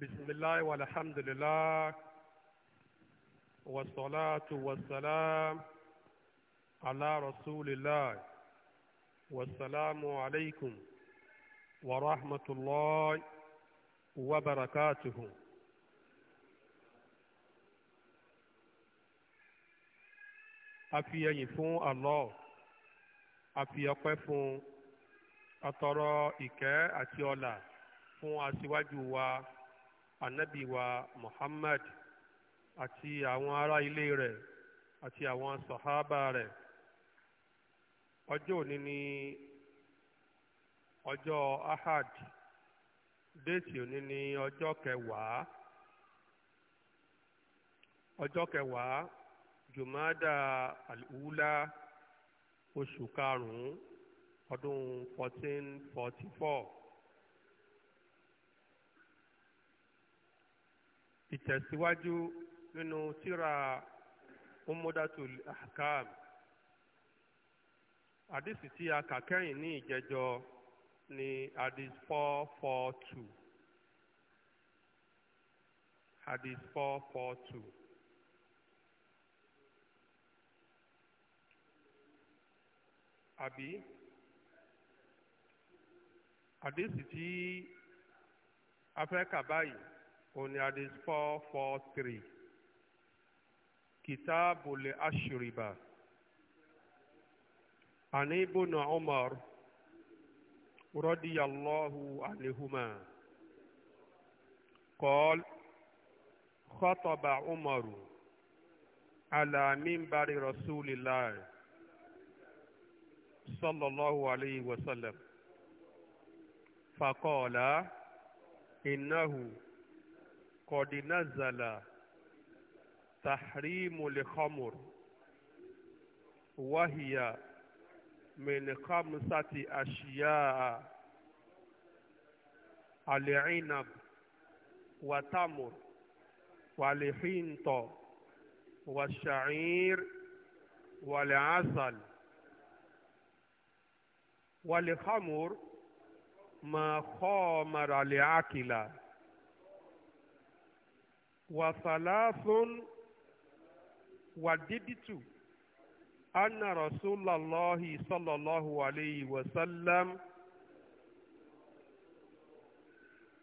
بسم الله والحمد لله والصلاة والسلام على رسول الله والسلام عليكم ورحمة الله وبركاته afi ẹyìn الله Allah afi ọpẹ́ fún atọrọ ìkẹ́ àti ọlà anabi wa muhammad àti àwọn ará ilé rẹ àti àwọn sàhábà rẹ̀ ọjọ́ òní ni ọjọ́ ahad déètì òní ni ọjọ́ kẹwàá ọjọ́ kẹwàá jùmọ́dá àlùwúlá oṣù karùn-ún ọdún fourteen forty four. ìtẹ̀síwájú nínú tírà umudatul ahkam àdìsí tí a kà kẹ́yìn ní ìjẹjọ ní àdìs four four two àdìs four four two. àbí àdìsí tí a kà báyìí òní hadith four four three kitaabul ashriba ani ibnu umar radiyallahu anihuma qol khataba umaru ala minbari rasulillahi sallallahu alayhi wa sallam faqala innahu قد نزل تحريم الخمر وهي من خمسة أشياء العنب وتمر والحنط والشعير والعسل والخمر ما خامر لعقله وثلاث وددت أن رسول الله صلى الله عليه وسلم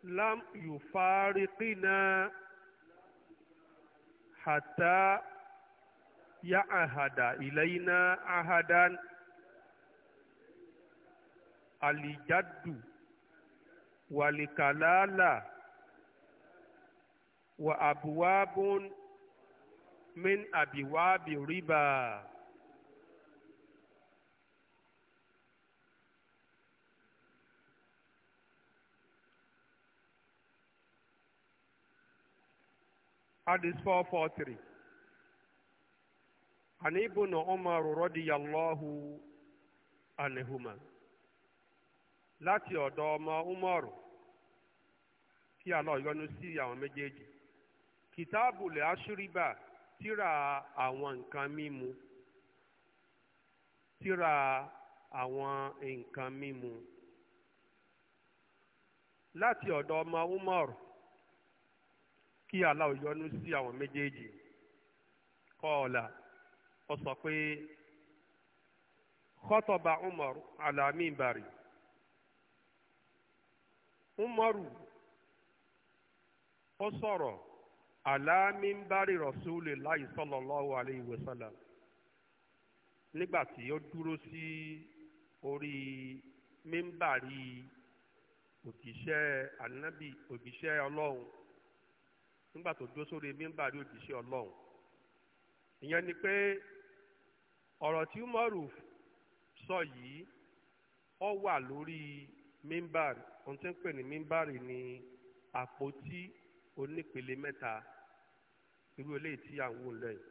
لم يفارقنا حتى يعهد إلينا عهدا الجد والكلالة wa abuwaabun min abiwaabi riba. Hadis 443. عن ابن عمر رضي الله عنهما láti ọ̀dọ̀ ọmọ ọrụ kí Allah yọ́nú sí kìtáàbùl àṣíríbà tíra àwọn nǹkan mímu tíra àwọn nǹkan mímu láti ọ̀dọ̀ ọmọ Umar kí Allah yọ́nú sí àwọn méjèèjì kọ́ọ̀là ó sọ pé kọ́tọ̀ba Umar ala minbari Umaru ó sọ̀rọ̀ alámínbárì rasulillahi sallallahu alayhi wa sallam nígbà tí ó dúró sí orí mímbàrí òjíṣẹ́ ànábì òjíṣẹ́ ọlọ́run nígbà tó dúró sórí mímbàrí òjíṣẹ́ ọlọ́run ìyẹn ni pé ọ̀rọ̀ tí umaru sọ yìí ó wà lórí mímbàrí ohun tí ń pè ní mímbàrí ni àpótí onípele mẹ́ta irú eléyìí tí à ń wò lẹ́yìn.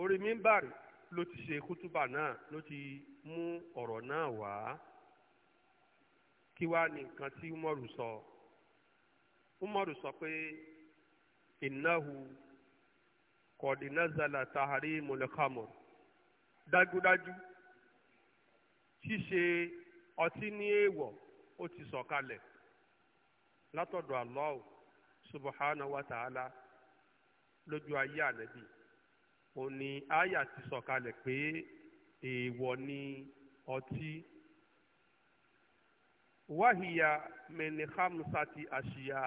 orí mímbà ló ti ṣe kútúbà náà ló ti mú ọ̀rọ̀ náà wá kí wá ní nǹkan tí umaru sọ umaru sọ pé innahu kọ̀dínázàlà tahari mọ̀lẹ́kàmọ̀ dájúdájú. ṣíṣe ọtí ní èèwọ̀ ó ti sọ̀kalẹ̀ látọ̀dọ̀ Allah subhanahu wa ta'ala lójú ayé ànábì òun ni aya ti sọ̀kalẹ̀ pé èèwọ̀ ni ọtí wáhìyà min khamsati àṣìyà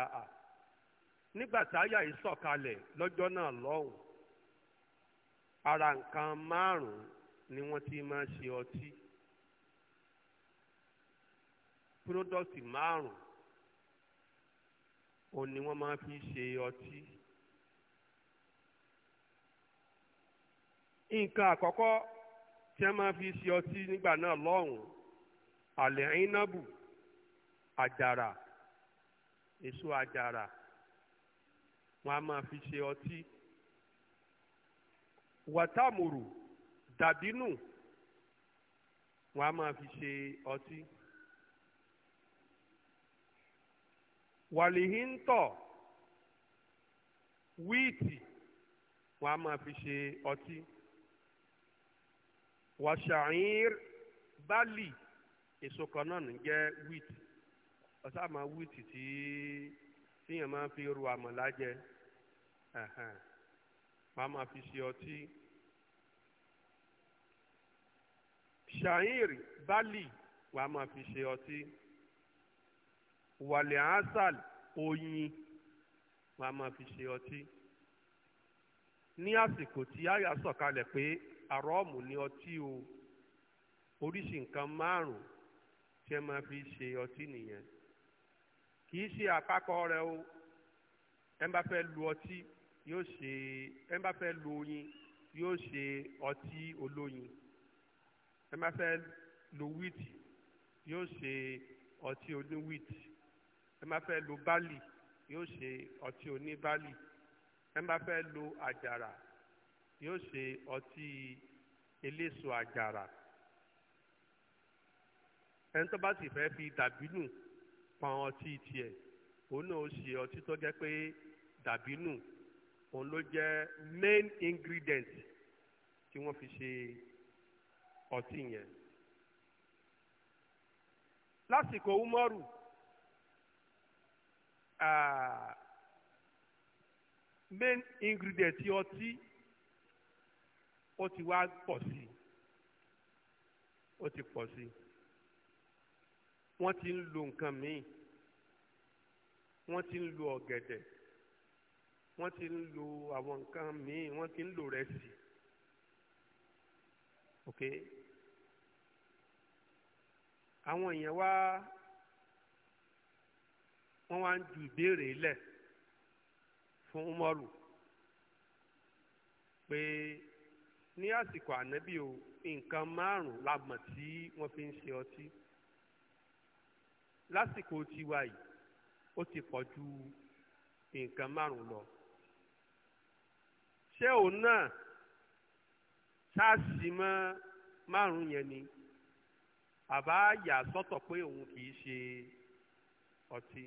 nígbà tí aya yìí sọ̀kalẹ̀ lọ́jọ́ náà lọ́hùn ara nǹkan márùn-ún ni wọ́n ti máa ṣe ọtí. pírọ́dọ̀tì márùn-ún ó ní máa fi ṣe ọtí. nǹkan àkọ́kọ́ tí wọ́n máa fi ṣe ọtí nígbà náà lọ́hùn-ún àlẹ́ ìnábù àjàrà èso àjàrà ma á máa fi ṣe ọtí. wàtàmùrù dàbínù wọn á máa fi ṣe ọtí. wàlíhíńtọ̀ wíìtì wọn a máa fi ṣe ọtí wàṣàyín bálì èso kan náà ní jẹ́ wíìtì ọ̀sá máa wíìtì tí tíyàn máa fi ru àmàlà jẹ wọn a máa fi ṣe ọtí. ṣàyín bálì wọn a máa fi ṣe ọtí wàlẹ̀ asal oyin wọn a máa fi ṣe ọtí ní àsìkò tí àyà sọ̀kalẹ̀ pé àrọ́ọ̀mù ni ọtí o oríṣi nǹkan márùn-ún tí ẹ máa fi ṣe ọtí nìyẹn kì í ṣe àpapọ̀ rẹ̀ o ẹ bá fẹ́ lu ọtí yóò ṣe ẹ bá fẹ́ lu oyin yóò ṣe ọtí olóyin ẹ bá fẹ́ lu wíìtì yóò ṣe ọtí oníwíìtì ẹ má fẹ́ lo Bali, yóò ṣe ọtí oní bálì ẹ má fẹ́ lo àjàrà yóò ṣe ọtí eléso àjàrà ẹni tó bá sì fẹ́ fi dàbínù pọn ọtí tiẹ̀ òun náà ó ṣe ọtí tó jẹ́ pé dàbínù òun ló jẹ́ main ingredient tí wọ́n fi ṣe ọtí yẹn lásìkò umaru Uh, main ingredient ọtí ó ti wá pọ̀ sí ó ti pọ̀ sí wọ́n ti ń lo nǹkan míì wọ́n ti ń lo ọ̀gẹ̀dẹ̀ wọ́n ti ń lo àwọn nǹkan míì wọ́n ti ń lo rẹsì ok àwọn èèyàn wá wọ́n wá ń ju ìbéèrè lẹ̀ fún umaru pé ní àsìkò ànábì o nǹkan márùn la mọ̀ tí wọ́n fi ń ṣe ọtí lásìkò tiwa yìí ó ti pọ̀ ju nǹkan márùn lọ ṣé òun náà ṣáàṣì mọ́ márùn yẹn ni àbá yà sọ́tọ̀ pé òun kì í ṣe ọtí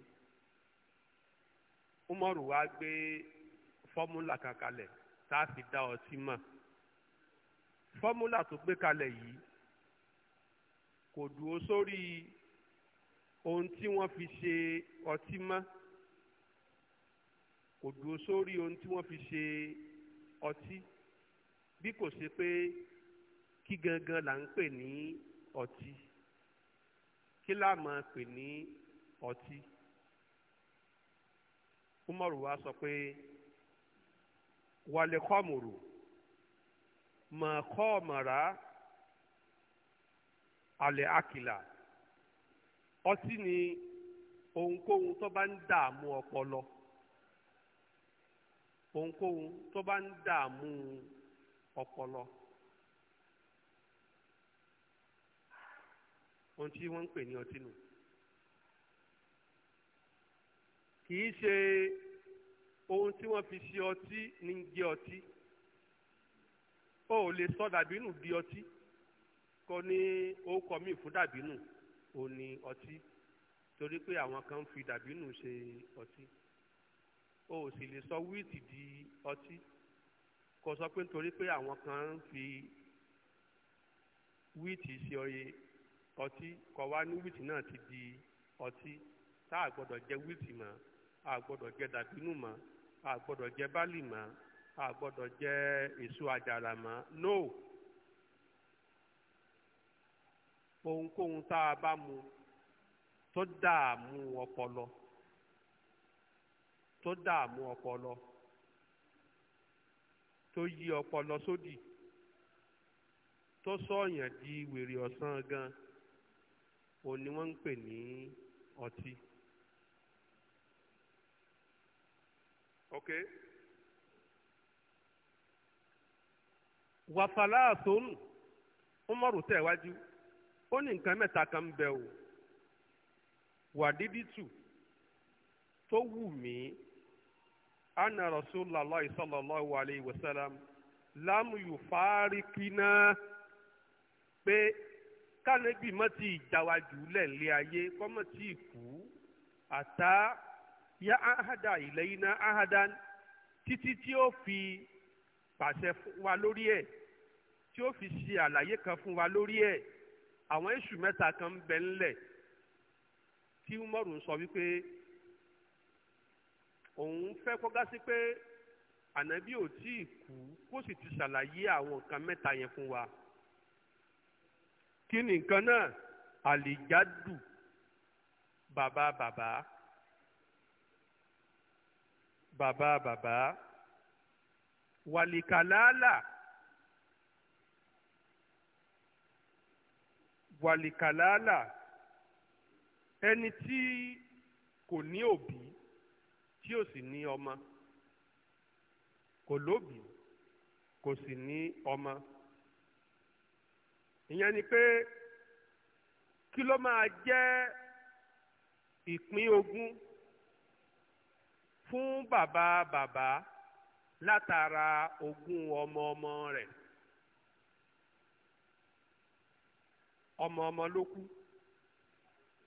umaru wa gbé fọ́múlà kan kalẹ̀ tá a fi dá ọtí mọ̀ fọ́múlà tó gbé kalẹ̀ yìí kò dúró sórí ohun tí wọ́n fi ṣe ọtí mọ́ kò dúró sórí ohun tí wọ́n fi ṣe ọtí bí kò ṣe pé kí gangan là ń pè ní ọtí kí láà pè ní ọtí. umaru wa sọ pé wàlẹ̀ kọ́mùrù mọ̀ mara alẹ́ akila ọtí ni ohunkóhun tó bá ń dààmú ọpọlọ ohunkóhun tó bá ń dààmú ọpọlọ ohun tí kì í ṣe ohun tí wọ́n fi ṣe ọtí ní jẹ́ ọtí o ò lè sọ dàbínù di ọtí kò ní orúkọ míì fún dàbínù ò ní ọtí torí pé àwọn kan ń fi dàbínù ṣe ọtí o sì lè sọ wíìtì di ọtí kò sọ pé nítorí pé àwọn kan ń fi wíìtì ṣe ọyẹ ọtí kò wá ní wíìtì náà ti di ọtí tá a gbọ́dọ̀ jẹ wíìtì mọ́ a gbọ́dọ̀ jẹ dàbínú mọ́ a gbọ́dọ̀ jẹ bálì mọ́ a gbọ́dọ̀ jẹ èso àjàrà mọ́ no ohunkóhun tá a bá mu tó dààmú ọpọlọ tó dààmú ọpọlọ tó yí ọpọlọ sódì tó sọ̀yàn di wèrè ọ̀sán gan òun wọ́n ń pè ní ọtí. okay wàsálàtún umaru tẹ̀wájú ó ní nǹkan mẹ́ta kan bẹ o wàdídìtù tó wù mí anna rasulallah sallallahu alayhi wa sallam lamu yu farikina pé kánẹ́bì mọ́ ti ìjà wa lẹ́ẹ̀lẹ́ ayé kọ́ kú àtá. Ya ahada ìlẹ́yìnà ahadan títí tí ó fi pàṣẹ fún wa lórí ẹ̀ tí ó fi ṣe àlàyé kan fún wa lórí ẹ̀ àwọn èṣù mẹ́ta kan ń bẹ ńlẹ̀ tí umaru sọ wípé òun fẹ́ kọ́gá sí pé ànábì ò tí ì kú kó sì ti ṣàlàyé àwọn nǹkan mẹ́ta yẹn fún wa kí ni nǹkan náà àlìjádù bàbá bàbá bàbá bàbá wàlìkàlálà wàlìkàlálà ẹni tí kò ní òbí tí ò sì ní ọmọ kò lóbí kò sì ní ọmọ ìyẹn ni pé kí ló máa jẹ́ ìpín ogún fún bàbá bàbá látara ogún ọmọ ọmọ rẹ̀ ọmọ ọmọ ló kú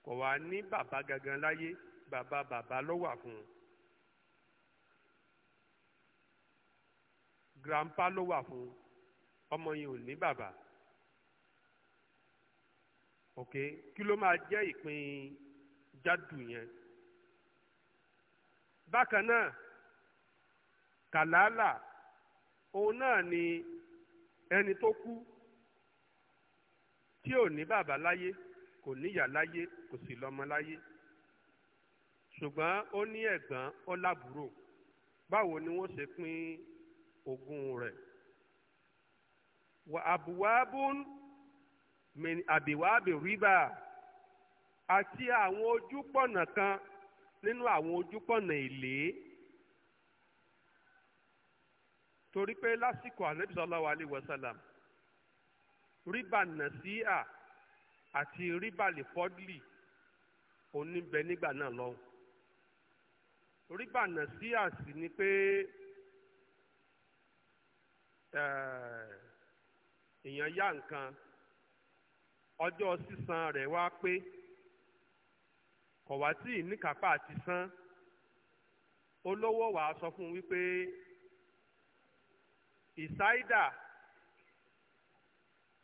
kò wá ní bàbá gangan láyé bàbá bàbá ló wà fún un grandpa ló wà fún ọmọ yìí ò ní bàbá ok kí ló máa jẹ́ ìpín jádù yẹn bákan náà kàlálà òun náà ni ẹni tó kú tí ò ní bàbá láyé kò níyà láyé kò sì lọ́mọ láyé ṣùgbọ́n ó ní ẹ̀gbọ́n ó lábúrò báwo ni wọ́n ṣe pín ogún rẹ̀ wà àbùwábùn àbíwábì rìbá àti àwọn ojúpọ̀nà kan nínú àwọn ojúpọ̀nà èlé torí pé lásìkò ànábì sallallahu alaihi wasallam ríbà nàṣíà àti ríbà lè fọ́dìlì oníbẹ nígbà náà lọ́hùn ríbà nàṣíà sì ni pé eh, èèyàn yá nǹkan ọjọ́ sísan rẹ̀ wá pé kò wá tí ì níkápá àti san olówó wàá sọ fún un wípé ìsáídà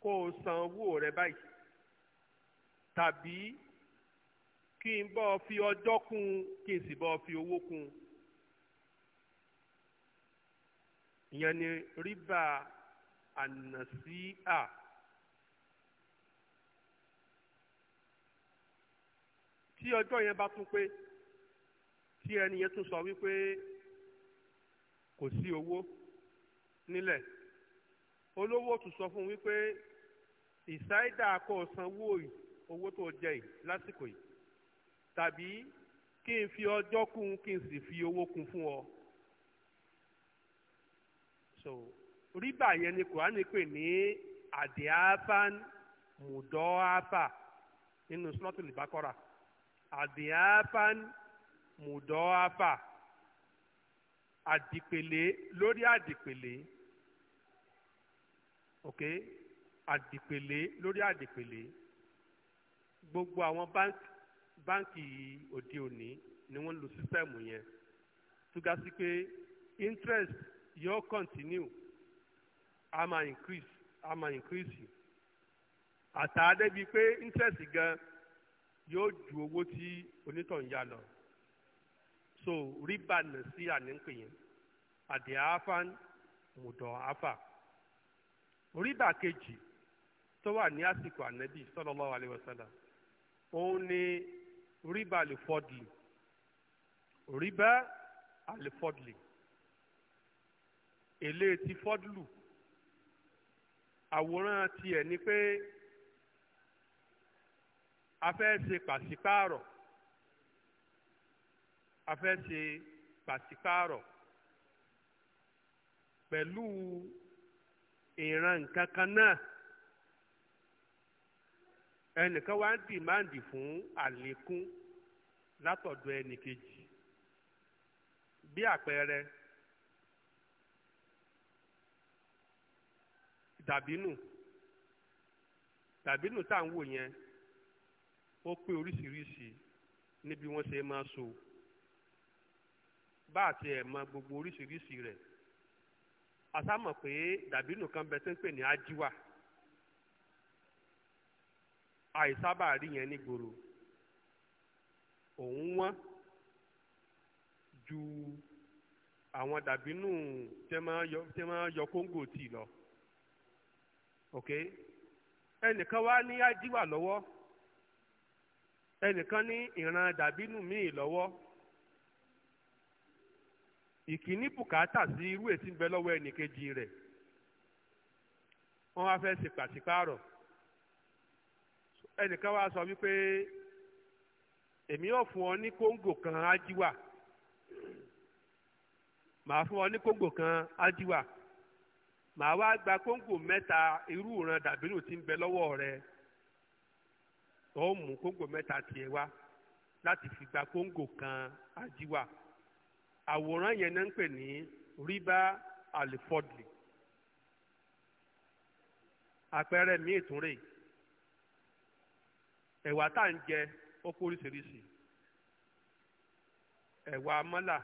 kó o san owó rẹ báyìí tàbí kí n bọ́ fi ọjọ́ kún un kí n sì bọ́ fi owó kún un ìyẹn ni rìbá ànàsíà. Si tí ọjọ́ yẹn bá tún pé tí ẹni yẹn tún sọ wípé kò sí owó nílẹ̀ olówó tún sọ fún wípé ìsáídà kò sanwó owó tó jẹ yìí lásìkò yìí tàbí kí n fi ọjọ́ kún kí n sì fi owó kún fún ọ. so rìbá yẹn ni kùránì pè ní àdìáfán mùdọ́áfà nínú sọ́tùlì bákọ́ra àdìáfán mùdọ́áfà àdìpèlé lórí àdìpèlé ok àdìpèlé lórí àdìpèlé gbogbo àwọn báńkì báńkì òde òní ni wọ́n lo sísẹ́ẹ̀mù yẹn túgá sí pé interest yóò continue a máa increase a máa increase àtàdé bíi pé interest gan-an yóò ju owó tí onítọ̀hún yá lọ so riba nà sí ànínkù yẹn àdè àáfàn mùdọ̀ àáfà riba kejì tó wà ní àsìkò ànábì sallallahu alaihi wasallam òun ni rìbá lè riba rìbá àlè fọdùlù èlé ti fọdùlù àwòrán tiẹ̀ ni pé a fẹ́ ṣe pàṣípààrọ̀ a fẹ́ ṣe pàṣípààrọ̀ pẹ̀lú ìran nǹkan kan náà ẹnìkan wá ń dìmáàndì fún àlékún látọ̀dọ̀ ẹnìkejì bí àpẹẹrẹ dàbínù dàbínù tá à ń wò yẹn ó pé oríṣiríṣi níbi wọ́n ṣe máa so bá àti ẹ̀ mọ gbogbo oríṣiríṣi rẹ̀ àsámọ̀ pé dàbínù kan bẹ tí ń pè ní ajíwà àìsábà rí yẹn nígboro òun wọ́n ju àwọn dàbínù tẹ́ máa yọ kóńgò tì lọ ok ẹnìkan wá ní ajíwà lọ́wọ́. ẹnìkan ní ìran dàbínú míì lọ́wọ́ ìkíní bùkátà sí irú ètí ń bẹ lọ́wọ́ ẹnìkejì rẹ̀ wọ́n wá fẹ́ ṣe pàṣípààrọ̀ ẹnìkan wá sọ wípé èmi yóò fún ọ ní kóńgò kan ájíwà màá fún ọ ní kóńgò kan ájíwà màá wá gba kóńgò mẹ́ta irú ìran dàbínú ti ń bẹ lọ́wọ́ rẹ̀ ó mú kóńgò mẹ́ta tiẹ̀ wá láti fi gba kóńgò kan ajíwà àwòrán yẹn náà ń pè ní riba alifodli àpẹẹrẹ míì tún rèé ẹ̀wà tá à ń jẹ ó kó oríṣiríṣi ẹ̀wà amọ́là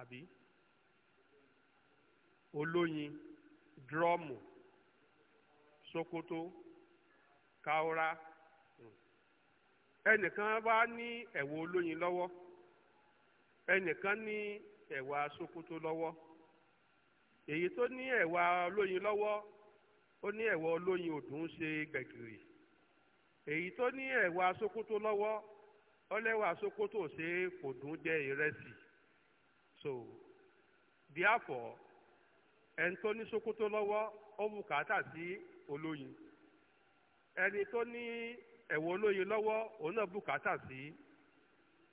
àbí olóyin dírọ́mù sokoto kaura. ẹnìkan wá ní ẹ̀wọ̀ olóyin lọwọ ẹnìkan ní ẹwà sokoto lọwọ èyí tó ní ẹwà olóyin lọwọ ó ní ẹwà olóyin ọdún ṣe gbẹ̀gìrì èyí tó ní ẹwà sokoto lọwọ ọlẹ́wà sokoto ṣe kò dùn jẹ ìrẹsì so ẹni tó ní sokoto ó sí olóyin ẹni tó ní ẹ̀wọ̀ olóye lọ́wọ́ òun náà bùkátà sí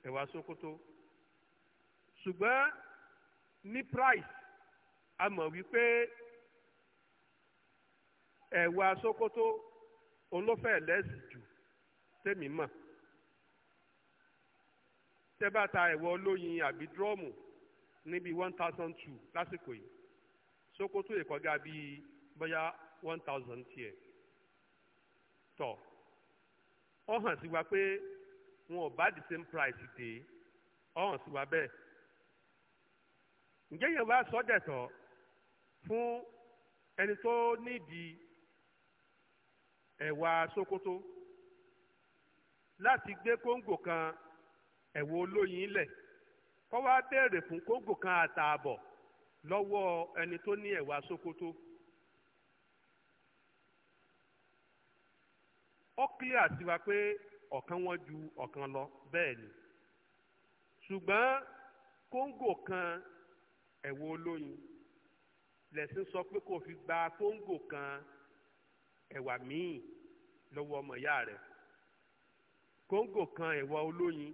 ẹ̀wà Sókótó ṣùgbọ́n ní price a mọ̀ wípé ẹ̀wà Sókótó òun ló fẹ́ lẹ́sì jù tẹ́mi mọ̀ tẹ́ ẹ̀wọ̀ olóyin àbí dírọ́ọ̀mù níbi one thousand two lásìkò yìí Sókótó ìkọjá bíi bóyá one thousand tiẹ̀ tọ̀ ó hàn sí wa pé wọn ò bá the same price dé ó hàn sí wa bẹ́ẹ̀ ǹjẹ́ yẹn wá sọ́dẹ̀tọ̀ fún ẹni tó nídìí ẹ̀wà Sokoto láti gbé kóńgò kan ẹ̀wà olóyin lẹ̀ kó wá béèrè fún kóńgò kan àtààbọ̀ lọ́wọ́ ẹni tó ní ẹ̀wà Sokoto. ó clear sí wa pé ọ̀kan wọn ju ọ̀kan lọ bẹ́ẹ̀ ni ṣùgbọ́n kóńgò kan ẹ̀wọ̀ olóyin lẹ́sìn sọ pé kò fi gba kóńgò kan ẹ̀wà míì lọ́wọ́ ọmọ ìyá rẹ̀ kóńgò kan ẹ̀wà olóyin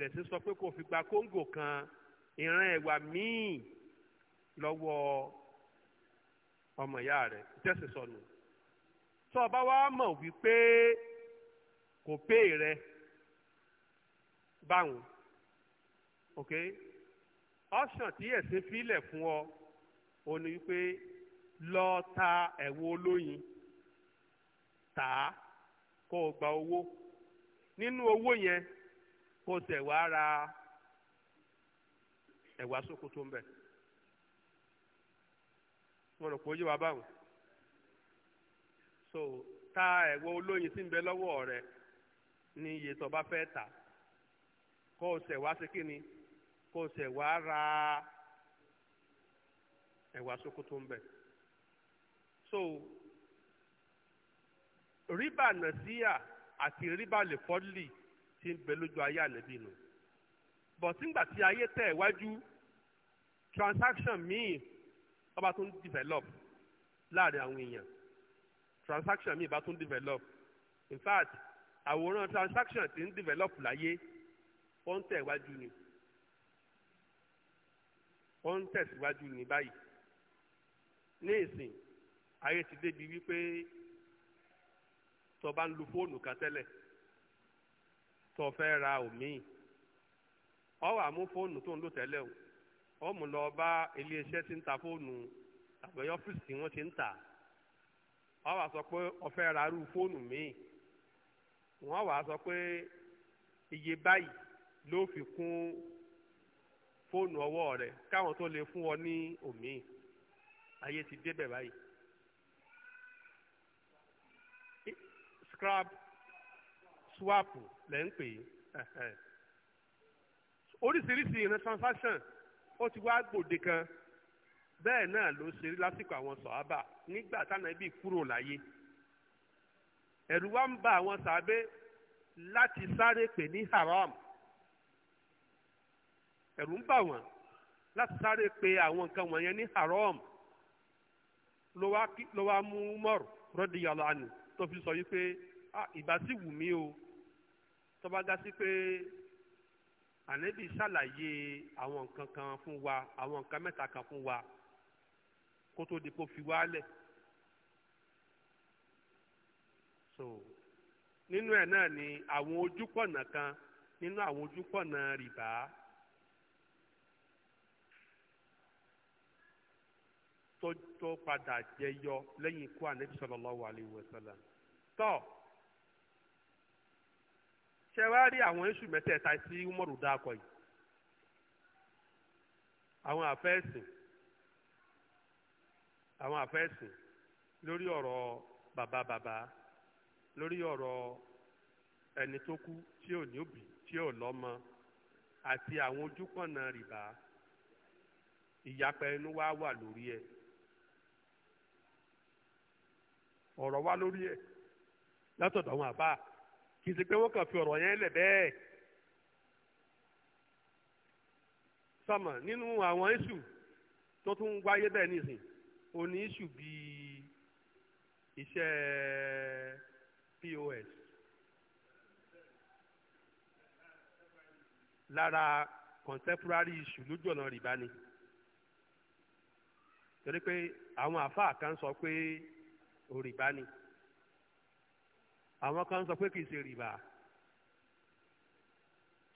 lẹ́sìn sọ pé kò fi gba kóńgò kan ìran ẹ̀wà míì lọ́wọ́ ọmọ ìyá rẹ̀ tẹ́sí sọnù tó o bá wá mọ̀ wípé kò pé rẹ báwọn ok option tí ẹ̀sìn filẹ̀ fún ọ ò ní wípé lọ ta ẹ̀wọ̀ olóyin tà á kó o gba owó nínú owó yẹn kó o tẹ̀ wá ra ẹ̀wà sókòtò ń bẹ̀ wọ́n rò pé ó yé wa báwọn so ta ẹ̀wọ́ olóyin tí ń bẹ lọ́wọ́ rẹ ní iye tó bá fẹ́ tà kó o ṣẹ̀ wá sí kíni kó o ṣẹ̀ wá ra ẹ̀wà sokoto ń bẹ so riba nàṣíà àti riba lè fọ́lì tí ń bẹ lójú ayé àlẹ́bí nù bọ̀ sígbà tí ayé tẹ̀ wájú transaction míì ọba tó ń develop láàrin àwọn èèyàn transaction mi bá tún develop in fact àwòrán transaction ti ń develop láyé ó ń tẹ̀wájú ni ó ń tẹ̀síwájú ní báyìí ní ìsìn ayé ti débi wípé tó bá ń lu fóònù kan tẹ́lẹ̀ tó fẹ́ ra òmíì ọ wà mú fóònù tó ń lò tẹ́lẹ̀ o ọ mú lọ bá iléeṣẹ́ tí ń ta fóònù àgbẹ̀yọ́ fíìsì tí wọ́n ti ń tà á wọ́n wá sọ pé ó fẹ́ ra irú fóònù míì wọ́n wá sọ pé iye báyìí ló fi kún fóònù ọwọ́ rẹ̀ káwọn tó lè fún ọ ní òmíì ayé ti débẹ̀ báyìí. scrap swap lẹ́ ń pè é oríṣiríṣi ìran transaction ó ti wá gbòde kan bẹ́ẹ̀ náà ló ṣe rí lásìkò àwọn sọ̀hábà nígbà tánàbí kúrò láyé ẹ̀rù wa ń ba àwọn sàábé láti sáré pè ní haram ẹ̀rù ń bà wọ́n láti sáré pè àwọn nǹkan wọ̀nyẹn ní haram ló wá mú Umar radiyallahu anhu tó fi sọ wípé ah, ìbá sì wù mí o tó bá dá sí pé ànábì ṣàlàyé àwọn nǹkan kan fún wa àwọn nǹkan mẹ́ta kan fún wa. kó tó di kó fi wálẹ̀ so nínú ẹ̀ náà ni àwọn ojúpọ̀nà kan nínú àwọn ojúpọ̀nà rìbá to tó padà jẹyọ lẹ́yìn ikú ànábì sallallahu alaihi wasallam tọ́ ṣe wá rí àwọn iṣu mẹ́tẹ̀ẹ̀ta sí umaru dákọ̀ yìí àwọn àfẹ́sìn. àwọn àfẹ́sìn lórí ọ̀rọ̀ bàbá bàbá lórí ọ̀rọ̀ ẹni tó kú tí ò ní òbí tí ò lọ́mọ àti àwọn ojúpọ̀nà rìbá ìyapa ẹnu wa wà lórí ẹ̀ ọ̀rọ̀ wa lórí ẹ̀ látọ̀dọ̀ àwọn àbá kì í ṣe pé wọ́n kàn fi ọ̀rọ̀ yẹn lẹ̀ bẹ́ẹ̀. sọmọ nínú àwọn iṣu tó tún wáyé bẹ́ẹ̀ nísìnyí ó ní iṣu bíi pos lára contemporary issue lójú ọ̀nà rìbá ni torí pé àwọn àfáà kan sọ pé ni àwọn kan sọ pé kì í ṣe rìbá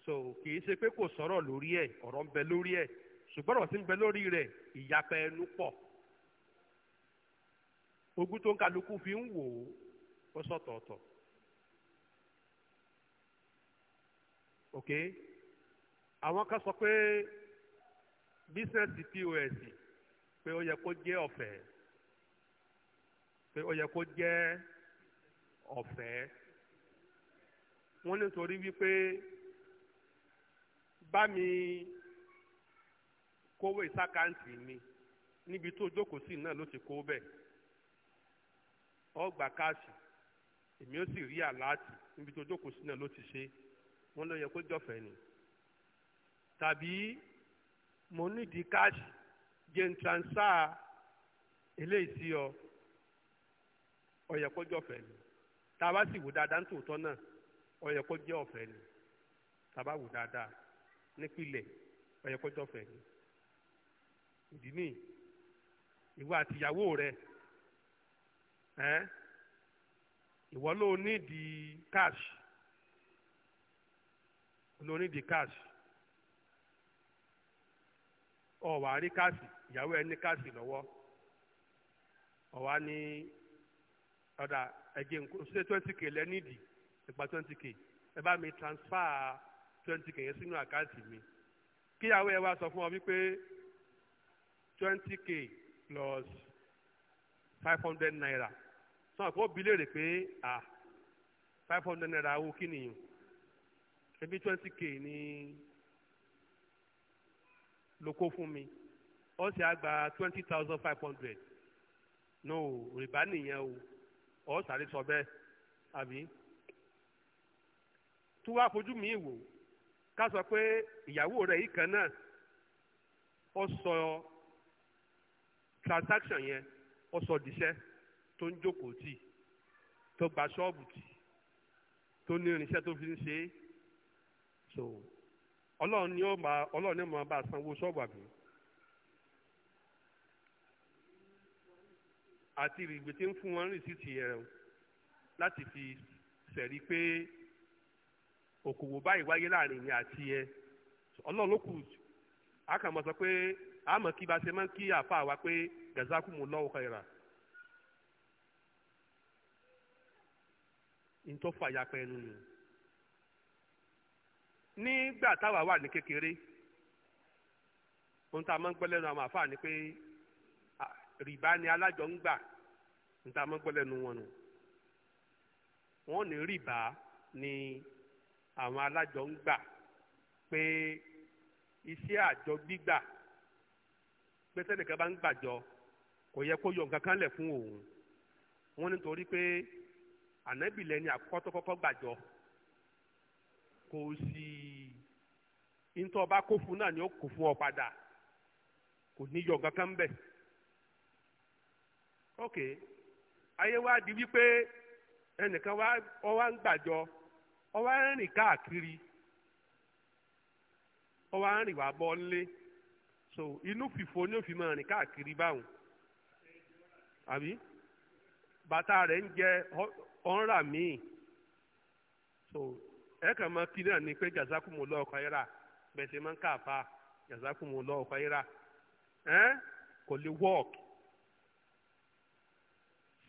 so kì í ṣe pé kò sọ̀rọ̀ lórí ẹ̀ ọ̀rọ̀ ń bẹ lórí ẹ̀ ṣùgbọ́n ọ̀rọ̀ tí ń bẹ lórí rẹ̀ ẹnu pọ̀. ogún tó ń kálukú fi ń wò ó ó sọ̀tọ̀ọ̀tọ̀ ok àwọn kan sọ pé bísínẹ́sì pọ́s pé ó yẹ kó jẹ́ ọ̀fẹ́ pé ó yẹ kó jẹ́ ọ̀fẹ́ wọ́n nítorí wípé bá kówó ìsákáǹtì mi níbi tó jókòó sí náà ló ti kó bẹ́ẹ̀ ọ gbà káàsì èmi ó sì rí àláàtì níbi tó jókòó sí náà ló ti ṣe wọ́n lọ yẹ kó jọ̀fẹ́ ni tàbí mo nídìí káàsì jẹ́ n transa eléyìí sí ọ ó yẹ kó jọ̀fẹ́ ni tá a bá sì wò dáadáa ní tòótọ́ náà ó yẹ kó jẹ́ ọ̀fẹ́ ni tá a bá wò dáadáa nípìnlẹ̀ ó yẹ kó jọ̀fẹ́ ni ìdí nìyí ìwọ àtìyàwó rẹ ẹ́ ìwọ ló nídìí cash ló nídìí cash ọ̀wà rí káàsì ìyàwó ẹ ní káàsì lọ́wọ́ ọ̀wà ní ọ̀dà ẹ̀jẹ̀ nǹkan ṣe twenty k lẹ́ nídìí ìgbà twenty k ẹ bá mi transfer twenty k yẹn sínú àkáǹtì mi kíyàwó ẹ wá sọ fún ọ wípé twenty k plus five hundred naira sọ àpò òbí léèrè pé a five hundred naira owó kí nìyẹn ẹbí twenty k ní lóko fún mi ó sì á gba twenty thousand five hundred no rìbá nìyẹn o ọ̀ sáré sọ bẹ́ẹ̀ àbí tó wá fojú mi wò ká sọ pé ìyàwó rẹ̀ yìí kan náà ó sọ transaction yẹn ó sọ díṣẹ́. So tó ń jókòó tì tó gba ṣọ́ọ̀bù tì tó ní irinṣẹ́ tó fi ń ṣe é so ọlọ́run ni ó máa ọlọ́run ni ó máa bá a sanwó ṣọ́ọ̀bù àbí. àti ìrìgbè láti fi sẹ̀rí pé òkòwò báyìí wáyé láàrin mi àti ẹ ọlọ́run ló kù á kàn mọ̀ sọ pé àmọ́ kí bá ṣe máa ń kí àfa wa pé ntọ́fà yapa ẹnu nù nígbà táwa wà ní kékeré ohun tá a máa ń gbọ́ lẹ́nu àwọn àfáà ni pé rìbá ni alájọ ń gbà ohun tá a máa ń gbọ́ wọn nù wọ́n ní rìbá ni àwọn alájọ ń gbà pé iṣẹ́ àjọ gbígbà pé sẹ́nìkan bá ń gbàjọ kò yẹ kó yọ nǹkan kan lẹ̀ fún òun wọ́n nítorí pé. ànábì lẹni àkọ́kọ́ gbajọ kọ́kọ́ gbàjọ kò sí kó fún náà ni ó kó fún ọ padà kò ní yọ kankan ok ayé wa di wípé ẹnìkan wa ọ wá ń gbàjọ rìn káàkiri rìn nlé so inú fìfo ni ó fi máa rìn káàkiri báwọn àbí bàtà rẹ̀ ń jẹ ọ̀n rà míì so ẹ kàn máa kí náà ni pé jazakumu lọ́ọ̀ kọ́yẹ́rà bẹ́ẹ̀ ṣe máa ń káàpá jazakumu lọ́ọ̀ kọ́yẹ́rà ẹ́ kò lè work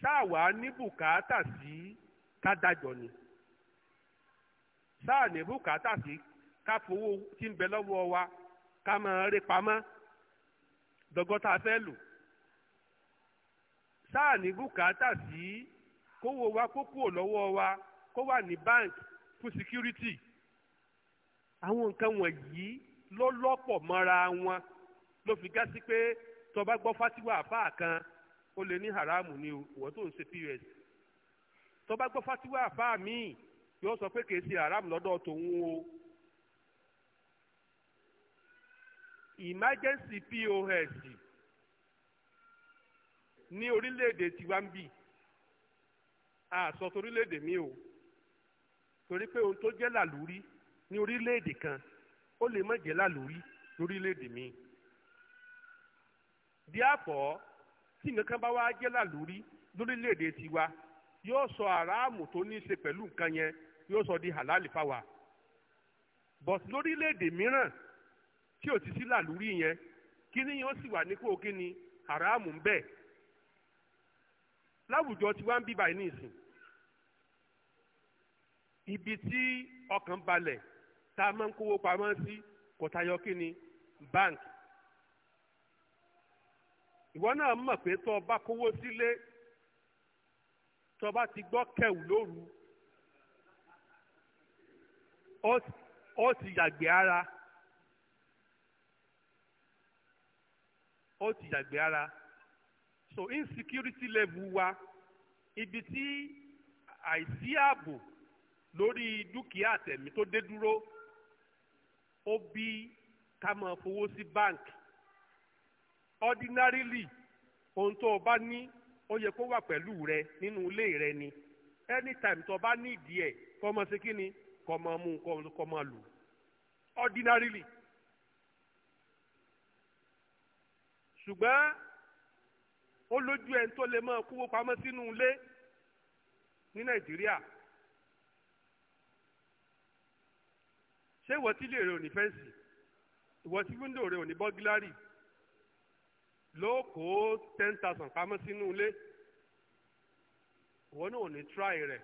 sáà wà ní bùkátà sí kádàjọ ni sáà ní bùkátà sí káfowó tí ń bẹ lọ́wọ́ wa ká máa rí pamọ́ dọ́gọ́ta fẹ́ lò sáà ní bùkátà sí. Si, kówó wa kó kúrò lọ́wọ́ wa kó wà ní bank fún security àwọn nǹkan wọ̀nyí ló lọ́pọ̀ mọ́ra wọn ló fi gá sí pé tó bá gbọ́ fásiwá àfáà kan ó lè ní haramu ni ìwọ́n tó ń ṣe pọ́s tó bá gbọ́ fásiwá àfáà míì yóò sọ pé kìí ṣe haramu lọ́dọ̀ tòun o emergency pos ní orílẹ̀-èdè tiwa ń bì àsọ torílẹ̀-èdè mi o torí pé ohun tó jẹ́ làlúrí ní orílẹ̀-èdè kan ó lè má jẹ́ làlúrí lórílẹ̀-èdè mi díàpọ̀ tí nǹkan kan bá wá jẹ́ làlúrí lórílẹ̀-èdè tiwa yóò sọ àràmù tó ní í ṣe pẹ̀lú nǹkan yẹn yóò sọ di halali fáwa but lórílẹ̀-èdè mìíràn tí ò ti sí làlúrí yẹn kíní yóò sì wà nípò kíní haramu ń bẹ láwùjọ tiwa ń bíbá yìí ní ìsìn ibi tí ọkàn balẹ̀ tá a máa ń kówó pamọ́ sí kò kí ni bank ìwọ náà mọ̀ pé tó o bá kówó sílé tó o bá ti gbọ́ kẹ̀wù lóru ó ti yàgbé ara ó ti yàgbé ara so insecurity level wa ibi tí àìsí ààbò lórí dúkìá àtẹ̀mí tó dé dúró ó bí ká máa fowó sí báǹkì ordinarily ohun tó o bá ní ó yẹ kó wà pẹ̀lú rẹ nínú ilé rẹ ni anytime tó o bá ní ìdí ẹ̀ kọ́ ọmọ sí kíni kọ́ ọmọ mú kọ́ ọmọ lù ordinarily ṣùgbọ́n ó lójú ẹni tó lè máa kówó pamọ́ sínú ilé ní nàìjíríà ṣé ìwọ tí ilé rẹ ò ní fẹ́ǹsì ìwọ tí wíńdò rẹ ò ní bọ́gílárì ló kó ten thousand pamọ́ sínú ilé ìwọ náà ò ní try rẹ̀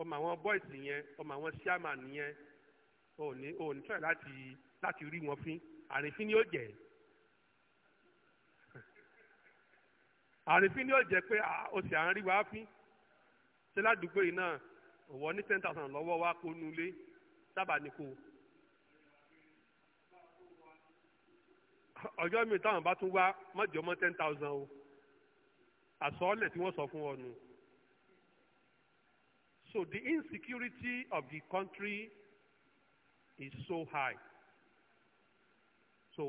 ọmọ àwọn boys yẹn ọmọ àwọn chairman yẹn ò ní ò ní try láti láti rí wọn fín àrífín ni ó jẹ́ ẹ́. àrífín ni ó jẹ pé o sì à ń rí wàá fín ṣe ládùúgbò yìí náà òwò ní ten thousand lọ́wọ́ wa kó nulẹ̀ sábà ní kú ọjọ́ mi táwọn bá tún wá mọ́jọ́ mọ́ ten thousand o àsọọ́lẹ̀ tí wọ́n sọ fún ọ nù. So the insecurity of the country is so high. So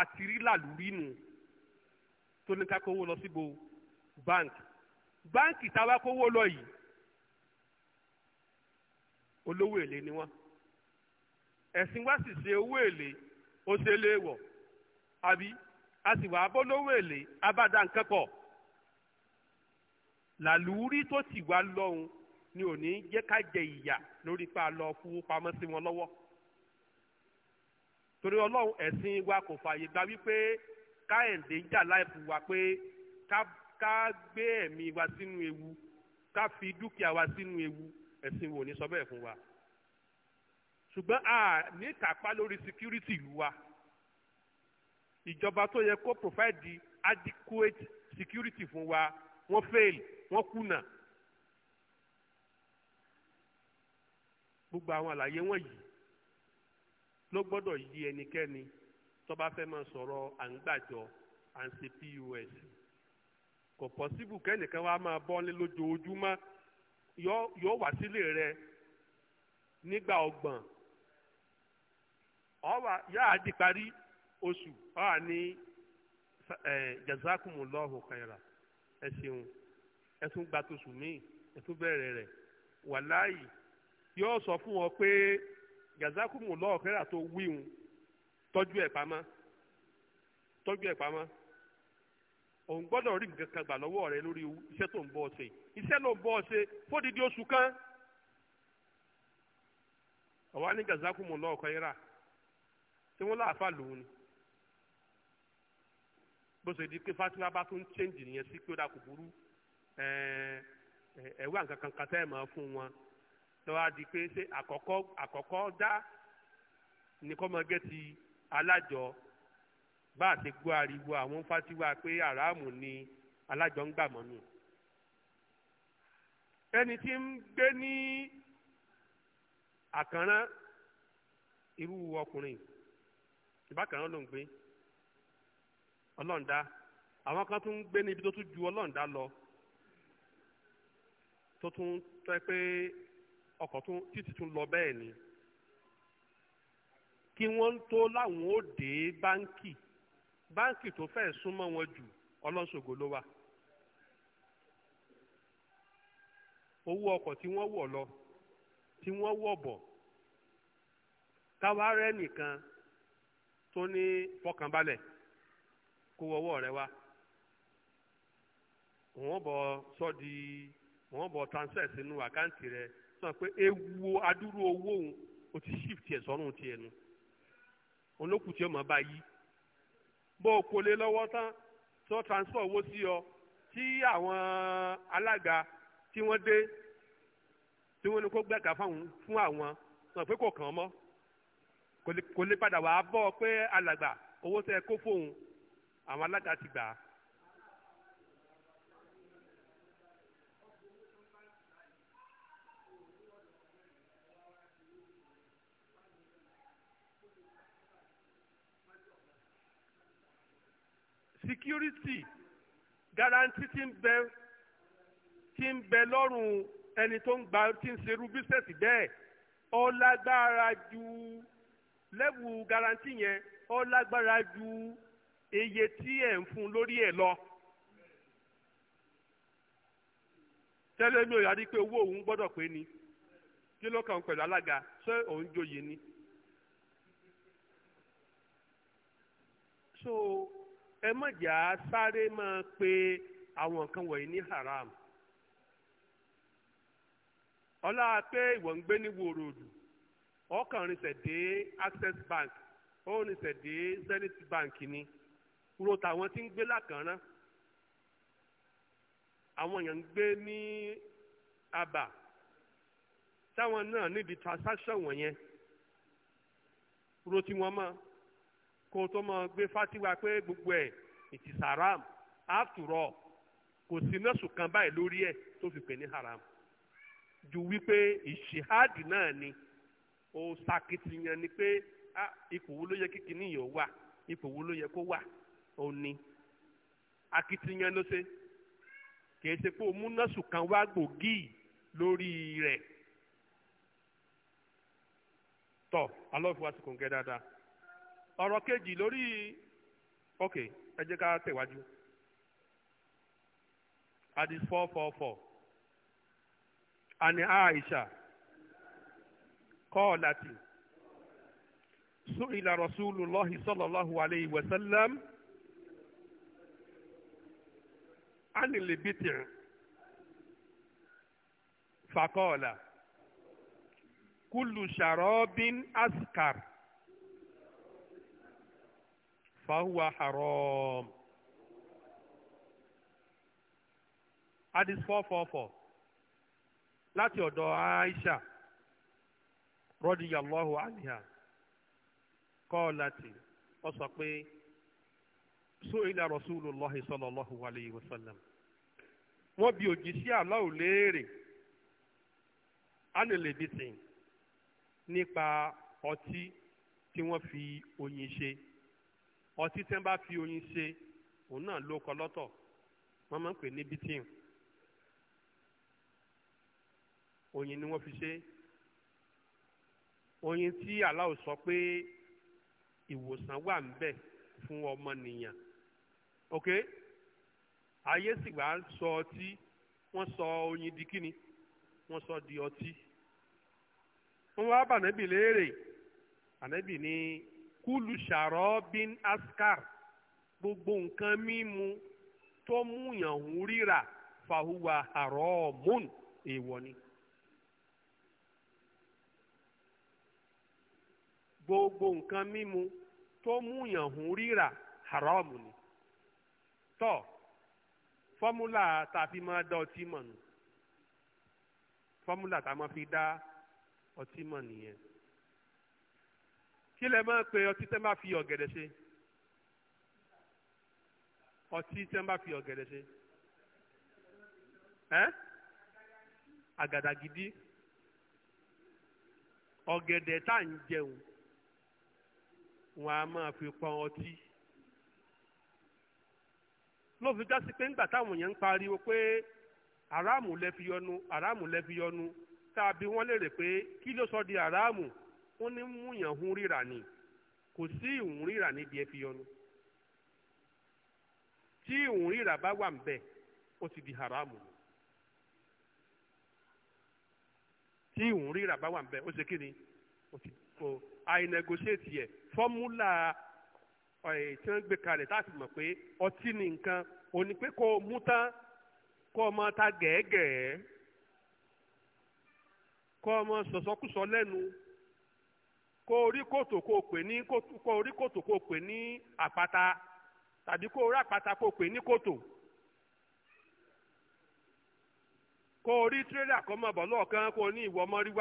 àtìrí làlùrí nù tó ní ká kówó lọ síbo bank báńkì táwa kówó lọ yìí olówó èlé ni wọ́n ẹ̀sìn wa sì ṣe owó èlé ó ṣe léèwọ̀ àbí a sì wá bọ́ lówó èlé abáda nǹkan pọ̀ làlúrí tó sì wá lọ́hùn ni ò ní jẹ́ ká jẹ ìyà lórí pa lọ fowó pamọ́ sí wọn lọ́wọ́ torí ọlọ́run ẹ̀sìn wa kò fààyè gba wípé ká jà láìpù wa pé ká gbé ẹ̀mí wa sínú ewu ká fi dúkìá wa sínú ewu ẹ̀sìn wo ni sọ bẹ́ẹ̀ fún wa ṣùgbọ́n a ní kápá lórí security ìlú wa ìjọba tó yẹ kó provide adequate security fún wa wọ́n fail wọ́n kùnà gbogbo àwọn àlàyé wọ̀nyí ló gbọ́dọ̀ yí ẹnikẹ́ni tó bá fẹ́ máa sọ̀rọ̀ à ń gbàjọ à ń ṣe pos kò pọ́síbù kẹ́nìkan wá máa bọ́lé lójoojúmọ́ yóò wá sílé rẹ nígbà ọgbọ̀n ọwà yáa di osu oṣù ni ní jazakumullahu khaira ẹ ṣeun gba yóò sọ fún ọ pé jazakumullahu khaira tó wíhun tọ́jú ẹ̀ pamọ́ tọ́jú ẹ̀ pamọ́ òun rí nǹkan kan gbà rẹ lórí iṣẹ́ tó ń bọ́ ọ fódìdí oṣù kan tí wọ́n láàfà lòun ni bó ṣe di pé fatiwa bá tún change nìyẹn sí pé ó dà kò burú ẹ̀wà nǹkan kan kan tẹ́ ẹ̀ máa fún wọn lọ́wọ́ á di pé ṣé àkọ́kọ́ àkọ́kọ́ dá nìkan máa gẹ́ ti alájọ bá a ti gbọ́ ariwo àwọn fatiwa pé aráàmù ni alájọ ń gbà mọ́nù ẹni tí ń gbé ní àkànrán irú ọkùnrin yìí ìbákan náà ló ń gbé ọlọ́ǹda àwọn kan tún ń gbé níbi tó tún ju ọlọ́ǹda lọ tó tún tẹ́ pé ọkọ̀ tún títí tún lọ bẹ́ẹ̀ ni kí wọ́n tó láwọn ó dé báńkì báńkì tó fẹ́ súnmọ́ wọn jù ọlọ́ṣogbo ló wà owó ọkọ̀ tí wọ́n wọ̀ lọ tí wọ́n wọ̀ bọ̀ káwárẹ́ nìkan tó ní fọkànbalẹ̀ kó ọwọ́ rẹ wá wọ́n bọ̀ sọ di wọ́n bọ̀ transfer sínú àkáǹtì rẹ sọ pé ewu adúrú owó òun o ti shift ẹ̀ sọ́run tiẹ̀ nu olókùn tí ó mọ̀ bá yí bó o kò lè lọ́wọ́ tán tó transfer owó sí ọ tí àwọn alága tí wọ́n dé tí wọ́n ní kó gbẹ̀ka fún àwọn sọ pé kò kàn án mọ́ kò lè padà wàá bọ́ pé alàgbà owó tẹ kó fóun àwọn alága ti gbà á. security guarantee ti ń bẹ ti ń bẹ lọ́rùn ẹni tó ń gba ti ń ṣerú bísẹ̀sì bẹ́ẹ̀ ó lágbára ju lẹ́bù garanti yẹn ó lágbára ju iye tí ẹ̀ ń fún lórí ẹ̀ lọ. tẹ́lẹ̀ mi ò yára pé owó òun gbọ́dọ̀ pé ni kí ló kàn pẹ̀lú alága ṣé òun joyè ni. so ẹ má jà sáré máa pe àwọn nǹkan wọ̀nyí ní haram ọlá pé ìwọ ń gbé ní wòròdù ọkàn rinṣẹ̀ access bank ó rinṣẹ̀ dé zenith bank ni ro tàwọn tí ń gbé lákànná àwọn èèyàn ń gbé ní àbà táwọn náà níbi transaction wọ̀nyẹn ro tí wọ́n mọ̀ kó tó mọ̀ gbé fatiwa pé gbogbo ẹ̀ it is haram after all kò sí mẹ́sùn kan báyìí lórí ẹ̀ tó fi pè ní haram ju wípé ìṣèhádì náà ni. o ṣàkitiyan ni pé ipò wo ló yẹ kí kinní yìí wà ipò wo ló yẹ kó wà ó ní akitiyan ló ṣe kì í ṣe pé òmùnásù kan wá gbòógì lórí rẹ̀ tọ alọ́fíwá sì kò ń dáadáa ọ̀rọ̀ kejì lórí ok ẹ jẹ́ ká tẹ̀wájú four four four ani aisha. قالت سئل رسول الله صلى الله عليه وسلم عن البتع فقال كل شراب أسكر فهو حرام حديث 444 لا ọ̀dọ̀ Aisha radiyallahu anha kọ́ọ̀láti ó sọ pé su'ila rasulullahi sallallahu alayhi wa sallam wọ́n bi òjíṣẹ́ Allahu léèrè anilebiti nípa ọtí tí wọ́n fi oyin ṣe ọtí tí wọ́n bá fi oyin ṣe òun náà ló kọ lọ́tọ̀ wọ́n máa ń pè ní bitin oyin ni wọ́n fi ṣe oyin tí aláwo sọ pé ìwòsàn wà ń bẹ fún ọmọnìyàn ok ayé sì wá sọ ọtí wọ́n sọ oyin di kíni wọ́n sọ di ọtí wọ́n wá bànẹ́bì léèrè bànẹ́bì ní kúlù ṣàrọ́ bin askar gbogbo nǹkan mímu tó múyàn ń ríra fàhùwà àrọ́ mún èèwọ̀ ni. gbogbo nǹkan mímu tó múyàn hùn rírà haramu ni tọ fọ́múlà tá a fi máa dá ọtí mọ̀ nù fọ́múlà tá a máa fi dá ọtí mọ̀ nìyẹn kí lẹ máa pe ọtí tẹ́ máa fi ọ̀gẹ̀dẹ̀ ṣe ọtí tẹ́ máa fi ọ̀gẹ̀dẹ̀ ṣe ẹ́ àgàdàgídí ọ̀gẹ̀dẹ̀ tá à ń jẹun wọn a máa fi pọn ọtí ló fi já sí pé nígbà táwọn èèyàn ń pariwo pé aráàmù lẹ fi yọnu aráàmù lẹ fi yọnu tá a bi wọ́n léèrè pé kí ló sọ di aráàmù wọ́n ní múyàn hun ríra ni kò sí ìhùn ríra níbi ẹ fi yọnu tí ìhùn ríra bá wà ń bẹ ó ti di haramu tí ìhùn ríra bá wà ń bẹ ó ṣe kí ni ó ti di. a i negotiate yẹ fọ́múlà tí wọ́n gbé kalẹ̀ láti mọ̀ pé ọtí ni nǹkan ò ní pé kó o mú ta gẹ̀ẹ́gẹ̀ẹ́ kó o máa sọ̀sọ́kùsọ lẹ́nu kó o rí kòtò kó o pè ní kó tàbí kó o rí àpáta kó o pè ní kòtò kó o rí tírélà bọ̀ lọ́ọ̀kan kó o ní ìwọ ọmọ rí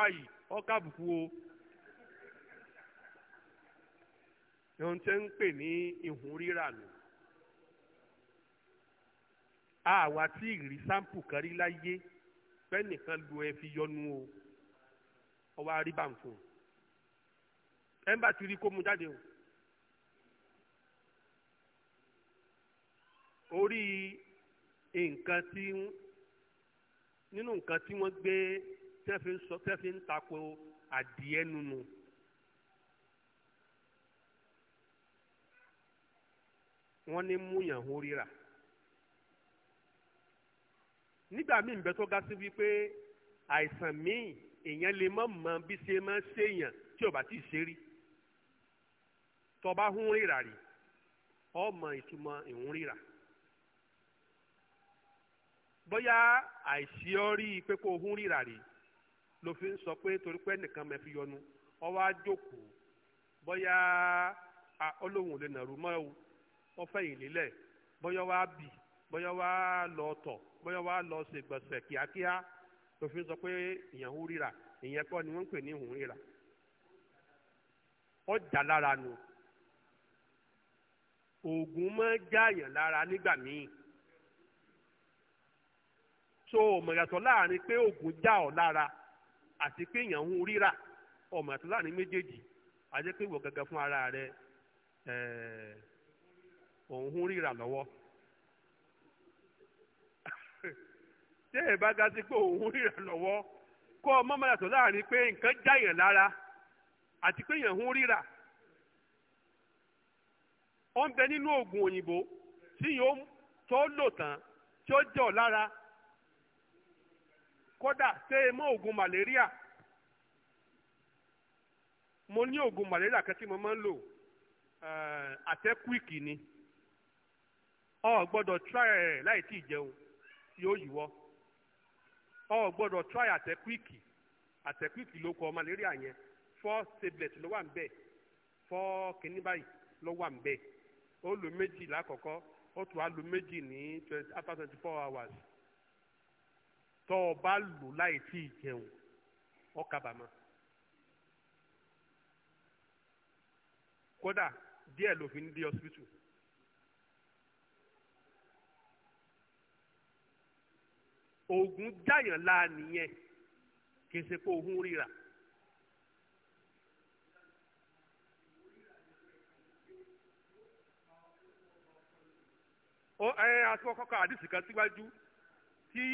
ohun tí ń pè ní ìhun rírà nù àwa tí ìrì sáǹpù kan rí láyé fẹ́nìkan lu ẹ fi yọnu o ọwọ́ àríbàǹfò ẹ̀ ti rí kó mu jáde o. orí nǹkan tí nínú nǹkan tí wọ́n gbé tẹ́fí ń sọ tẹ́fí ń tako adìẹ nínú wọ́n ní múyàn hó ríra nígbà míì bẹ tó ga sí wípé àìsàn míì èèyàn lè mọ̀ mọ̀ bí ṣe máa ń ṣèyàn tí ò bá ti ṣe rí tó bá hún ríra rí ọmọ ìtumọ̀ ìhún ríra bóyá àìsí ọ rí i pé kó o hún ríra rí ló fi ń sọ pé torí pé nìkan mẹ́fi yọnu ọ wá jókòó bóyá olóhùn lè nàrú mọ́ ẹ ọ fẹ̀yìn nílẹ̀ bóyá wàá bì bóyá wàá lọ tọ̀ bóyá wàá lọ ṣègbọ̀nsẹ̀ kíákíá lófin sọ pé ìyẹn ń ríra ìyẹn kọ́ ni wọ́n ń pè ní ìhùn ríra ọjà lára nù oògùn máa ń jáàyàn lára nígbà míì láàrin pé oògùn já ọ lára àti pé ń ríra láàrin méjèèjì àti pé ìwọ fún ara rẹ Eh, òun ń ríra lọ́wọ́ ṣé ẹ̀ ga sí pé òun ń ríra lọ́wọ́ kọ́ ọ mọ́mọ́dàtọ̀ láàrin pé nǹkan jáyàn lára àti pé yàn ń ríra ó ń bẹ nínú oògùn òyìnbó tí yóò tó lò tán tí ó jẹ́ lára kódà ṣé e mọ́ oògùn malaria mo ní oògùn malaria kan tí mo máa ń lò àtẹ́kùíkì eh, ni. ọ gbọ́dọ̀ try ẹ̀ láì tí ì jẹun ọ gbọ́dọ̀ try atekwiki atekwiki ló kọ malaria yẹn four tablet ló wà ń four kìíní báyìí ló wà ó lo méjì lákọ̀ọ́kọ́ ó tún á ní after twenty four hours tọ́ ọ bá lò láì tí jẹun ọ kábàámọ̀. kódà díẹ̀ ló fi ń oògùn jáyàn la nìyẹn kì í ṣe pé oògùn ríra. ó ẹ aṣọ kọkọ àdìsí kan síwájú tí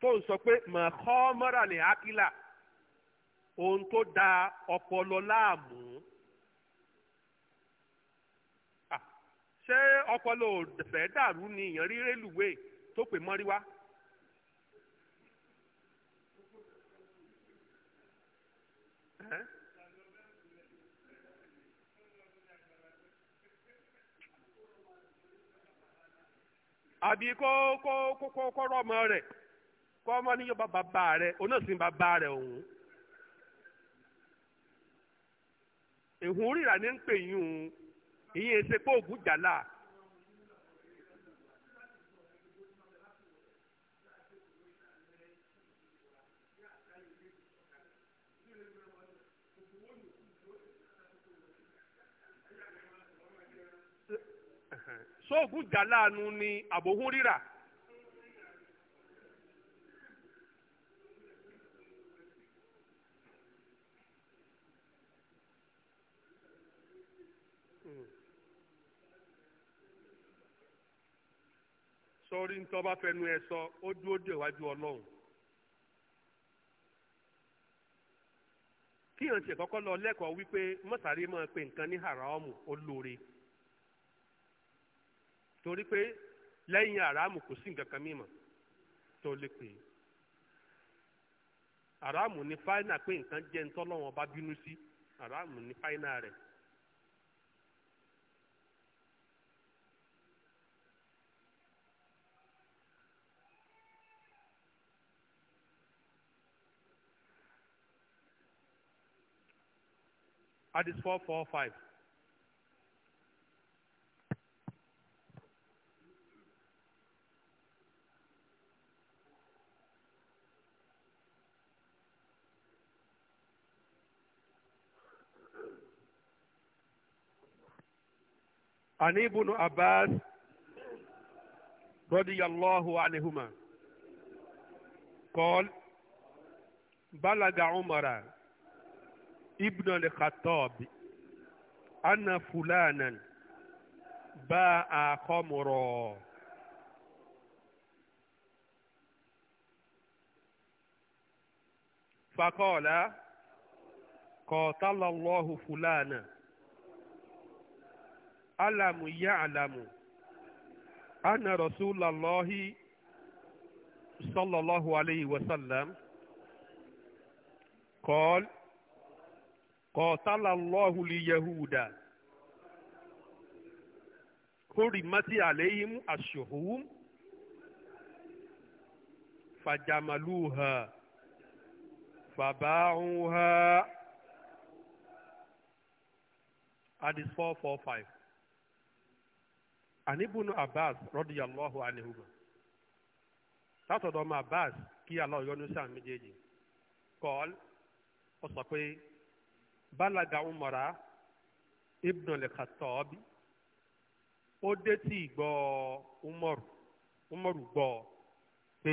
tó ń sọ pé mọ̀ kọ́ mọ́ràlẹ̀ ákílà ohun tó da ọpọlọ láàmú. ṣé ọpọlọ ò fẹ́ dàrú ni ìyẹn rí rélùwéè tó pè mọ́rí wá. àbí kó kó kó kó rọmọ rẹ̀ kó ọmọ níjọba bàbá rẹ̀ onóòsìn bàbá rẹ òun. èhùn rírà ní ń pè yín òun ìyẹn ṣe pé ògùn jàlá. sóògùn jàlánu ni àbòhún rírà. sọrí ń tọ́ba fẹnu ẹ sọ ó dúró dé iwájú ọlọ́run kíyàn ṣe kọ́kọ́ lọ lẹ́kọ̀ọ́ wípé máa pe nǹkan ní haramu olóore. torí pé lẹ́yìn àràmù kò sí nǹkan kan mímọ́ tó lè pè é àràmù ní fáínà pé nǹkan jẹ́ ntọ́lọ́wọ́n bá bínú sí àràmù ní fáínà rẹ̀. Hadith 445. عن ابن عباس رضي الله عنهما قال بلغ عمر ابن الخطاب أن فلانا باع خمرا فقال قاتل الله فلانا alamu ya alamu anna rasulallahi sallallahu alayhi wa sallam qala qatala allahu li yahuda hurimati alayhim ashuhum fajamaluha fabauha hadith 445 àníbùnú abbas radiyallahu anhuma látọ̀dọ̀ ọmọ abaz kí Allah yọ́nú sáà méjèèjì kọ́ọ́l ó sọ pé balaga umara ibn al-khattab ó dé tí umaru umaru gbọ́ pé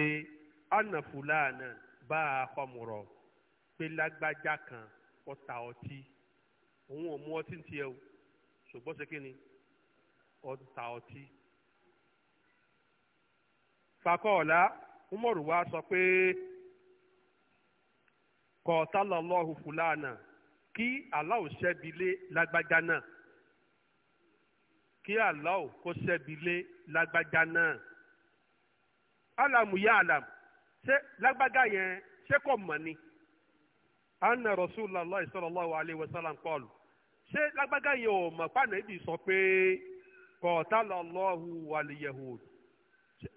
anna fulana bá a khamuro pé lágbájá kan ó ta ọtí òun ò mú ọtí tiẹ̀ o ṣùgbọ́n ṣe kí ni ó ń ta ọtí. umaru sọ pé kọ̀ọ̀tàlọ́lọ́hùn fúlànà kí aláwo ṣẹ́bilé lágbájá náà kí aláwo kó lágbájá náà alamu ya alam ṣé lágbájá yẹn ṣé kò mọ̀ ni anna rasulallah sallallahu alayhi wa sallam kọlu ṣé lágbájá yẹn ò mọ̀ ibi sọ pé. kọ̀ọ̀tàlọ̀ lọ́hù wàlẹ̀ yahud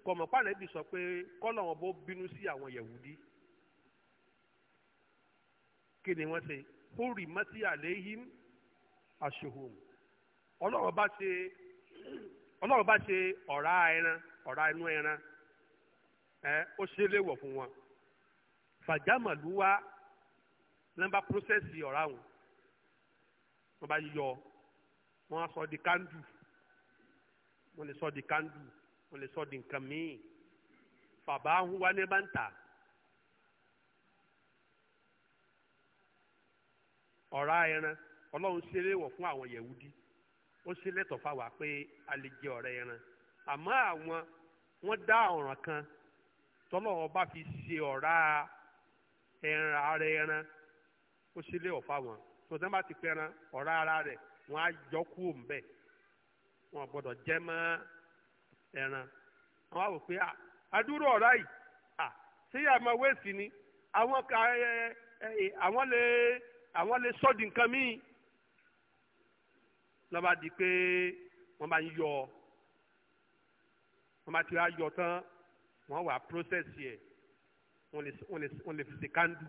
kọ̀mọ̀pá nàbì sọ pé kọ́lọ̀ wọn bó bínú sí àwọn yehudi kí ni huri ṣe húrì mọ́tí àléhìm àṣòhùn ọlọ́run bá ṣe ọlọ́run bá ṣe ọ̀rá ẹran ọ̀rá inú ẹran ẹ ó ṣe léwọ̀ fún wọn fàjámàlúwà nọ́mbà prósẹ́sì ọ̀rá wọn wọ́n bá yọ wọ́n sọ di kándù wọ́n lè sọ di kandu wọ́n lè sọ di nǹkan míì fàbá ń wá ní bá ń tà. ọ̀rá ẹran ọlọ́run ṣe léwọ̀ fún àwọn yẹ̀wúdí ó ṣe lẹ́tọ̀ọ́ fáwa pé a lè jẹ ọ̀rẹ́ ẹran àmọ́ àwọn wọ́n dá ọ̀ràn kan tọ́lọ́wọ́ bá fi ṣe ọ̀rá ẹran ara ẹran ó ṣe léwọ̀ fáwọn tòtẹ́ bá ti pẹran ọ̀rá ara rẹ̀ wọ́n á yọ kúrò ńbẹ̀ wọn gbọ́dọ̀ jẹ mọ́ ẹran wọn á wò pé àdúrò ọ̀rá yìí ṣé yà máa wéèsì ni àwọn ka ẹ ẹ àwọn lè àwọn lè sọ́ di nǹkan míì lọ́ba di pé wọ́n bá ń yọ wọ́n bá ti wá yọ tán wọ́n wà process yẹ wọ́n lè wọ́n lè wọ́n lè fi ṣe kandu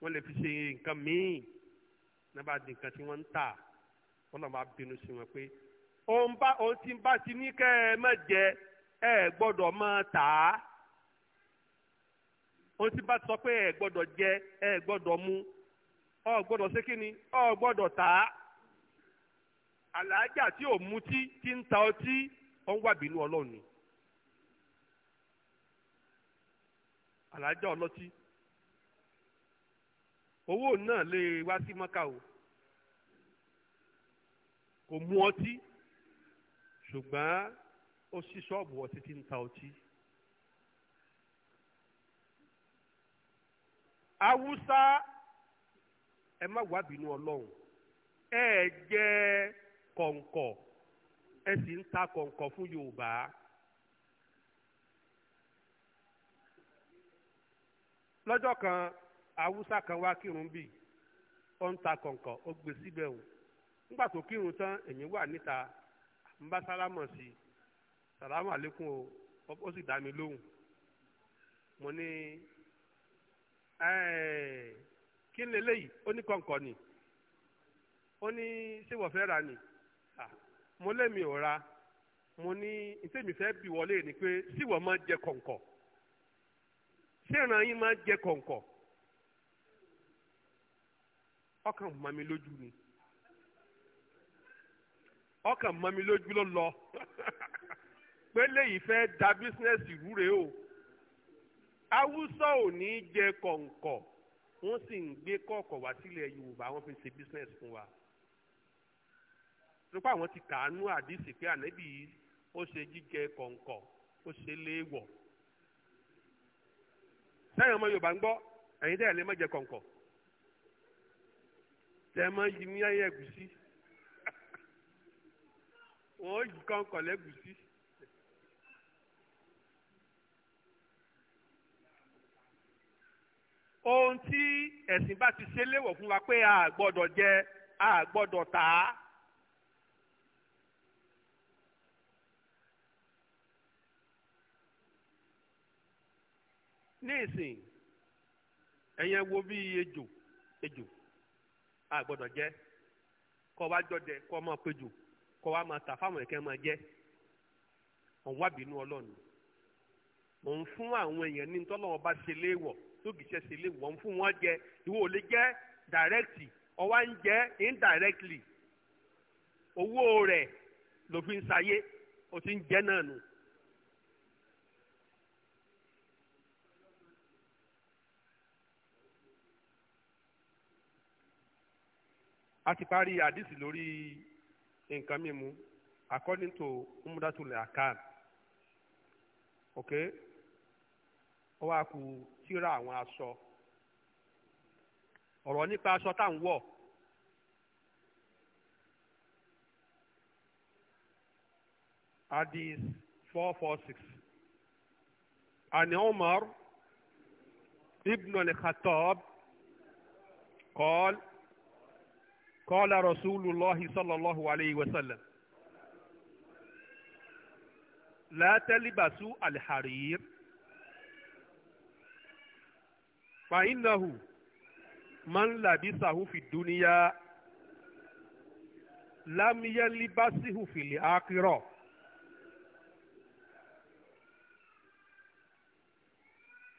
wọ́n lè fi ṣe nǹkan míì lọ́ba di nǹkan tí wọ́n ń tà wọ́n lọ́ba bínú sí wọn pé òun bá òun ti bá ti ní kẹ́ ẹ jẹ ẹ gbọ́dọ̀ máa tà á òun ti bá sọ pé ẹ gbọ́dọ̀ jẹ ẹ gbọ́dọ̀ mu ọ gbọ́dọ̀ ṣe ọ gbọ́dọ̀ tà á ti tí ò mutí tí ń ta ọtí ó ń wà bínú ọlọ́run ni ọlọ́tí owó náà lè wá sí o mu ọtí ṣùgbọ́n ó ṣí ṣọ́ọ̀bù ọtí tí ń ta ọtí. awúsá ẹ má wá bínú ọlọ́run ẹ jẹ kọ̀ǹkọ̀ ẹ sì ń ta kọ̀ǹkọ̀ fún yorùbá. lọ́jọ́ kan awúsá kan wá kírun bì ó ń ta kọ̀ǹkọ̀ ó gbé síbẹ̀ o nígbà tó kírun tán èmi wà níta ń bá sálámọ̀ sí sàlámù àlékún o ó sì dá mi lóhùn mo ní kí ni eléyìí ó ní kọ̀ǹkọ̀ ni ó ní ṣé wọ́n fẹ́ ra ni mo lẹ́mi ò ra mo ní ìtẹ́mi fẹ́ bì wọlé ni pé ṣé wọ́n máa jẹ kọ̀ǹkọ̀ ṣé ìran yín máa jẹ kọ̀ǹkọ̀ ọkàn mọ́ mi lójú ni ọkàn mọ́ mi lójú ló lọ pé léyìí fẹ́ da bísínẹ́sì rúre o haúsá ò ní jẹ kọ̀ǹkọ̀ wọ́n sì ń gbé kọ̀ọ̀kọ̀ wá sílẹ̀ yorùbá wọ́n fi ń ṣe bísínẹ́sì fún wa nípa àwọn ti kàánú àdìsí pé ànábì ó ṣe jíjẹ kọ̀ǹkọ̀ ó ṣe léèwọ̀ sẹ́yìn ọmọ yorùbá ń gbọ́ ẹ̀yin dẹ́yẹ̀ lè má jẹ kọ̀ǹkọ̀ tẹ́ ẹ má yí ní ayé ẹ̀gúsí ó yí kọ́ńkọ̀ lẹ́gùsí. ohun tí ẹ̀sìn bá ti ṣe léwọ̀ fún wa pé a gbọ́dọ̀ jẹ a gbọ́dọ̀ tà á. ní ìsìn ẹ̀yẹn wo bí ejò ejò a gbọ́dọ̀ jẹ kọ́ ọ bá jọ dẹ kọ́ ọ máa pejò. kọ́ wa máa tà fáwọn ẹ̀kẹ́ máa jẹ́ òun wá bínú ọlọ́run òun fún àwọn èèyàn ní tọ́lọ́wọ́ bá ṣe léèwọ̀ tó gìṣẹ́ ṣe léèwọ̀ òun fún wọn jẹ ìwọ ò lè jẹ́ directly ọwá ń jẹ́ indirectly owó rẹ̀ ló fi ṣayé ó ti ń jẹ́ náà nù. a ti parí àdìsí lórí nǹkan mímu according to umudatul akam ok ó wá ku tíra àwọn aṣọ ọ̀rọ̀ nípa aṣọ tá à ń wọ̀. Hadith Ani عن ibn al الخطاب قال قال رسول الله صلى الله عليه وسلم لا تلبسوا الحرير فإنه من لبسه في الدنيا لم يلبسه في الآخرة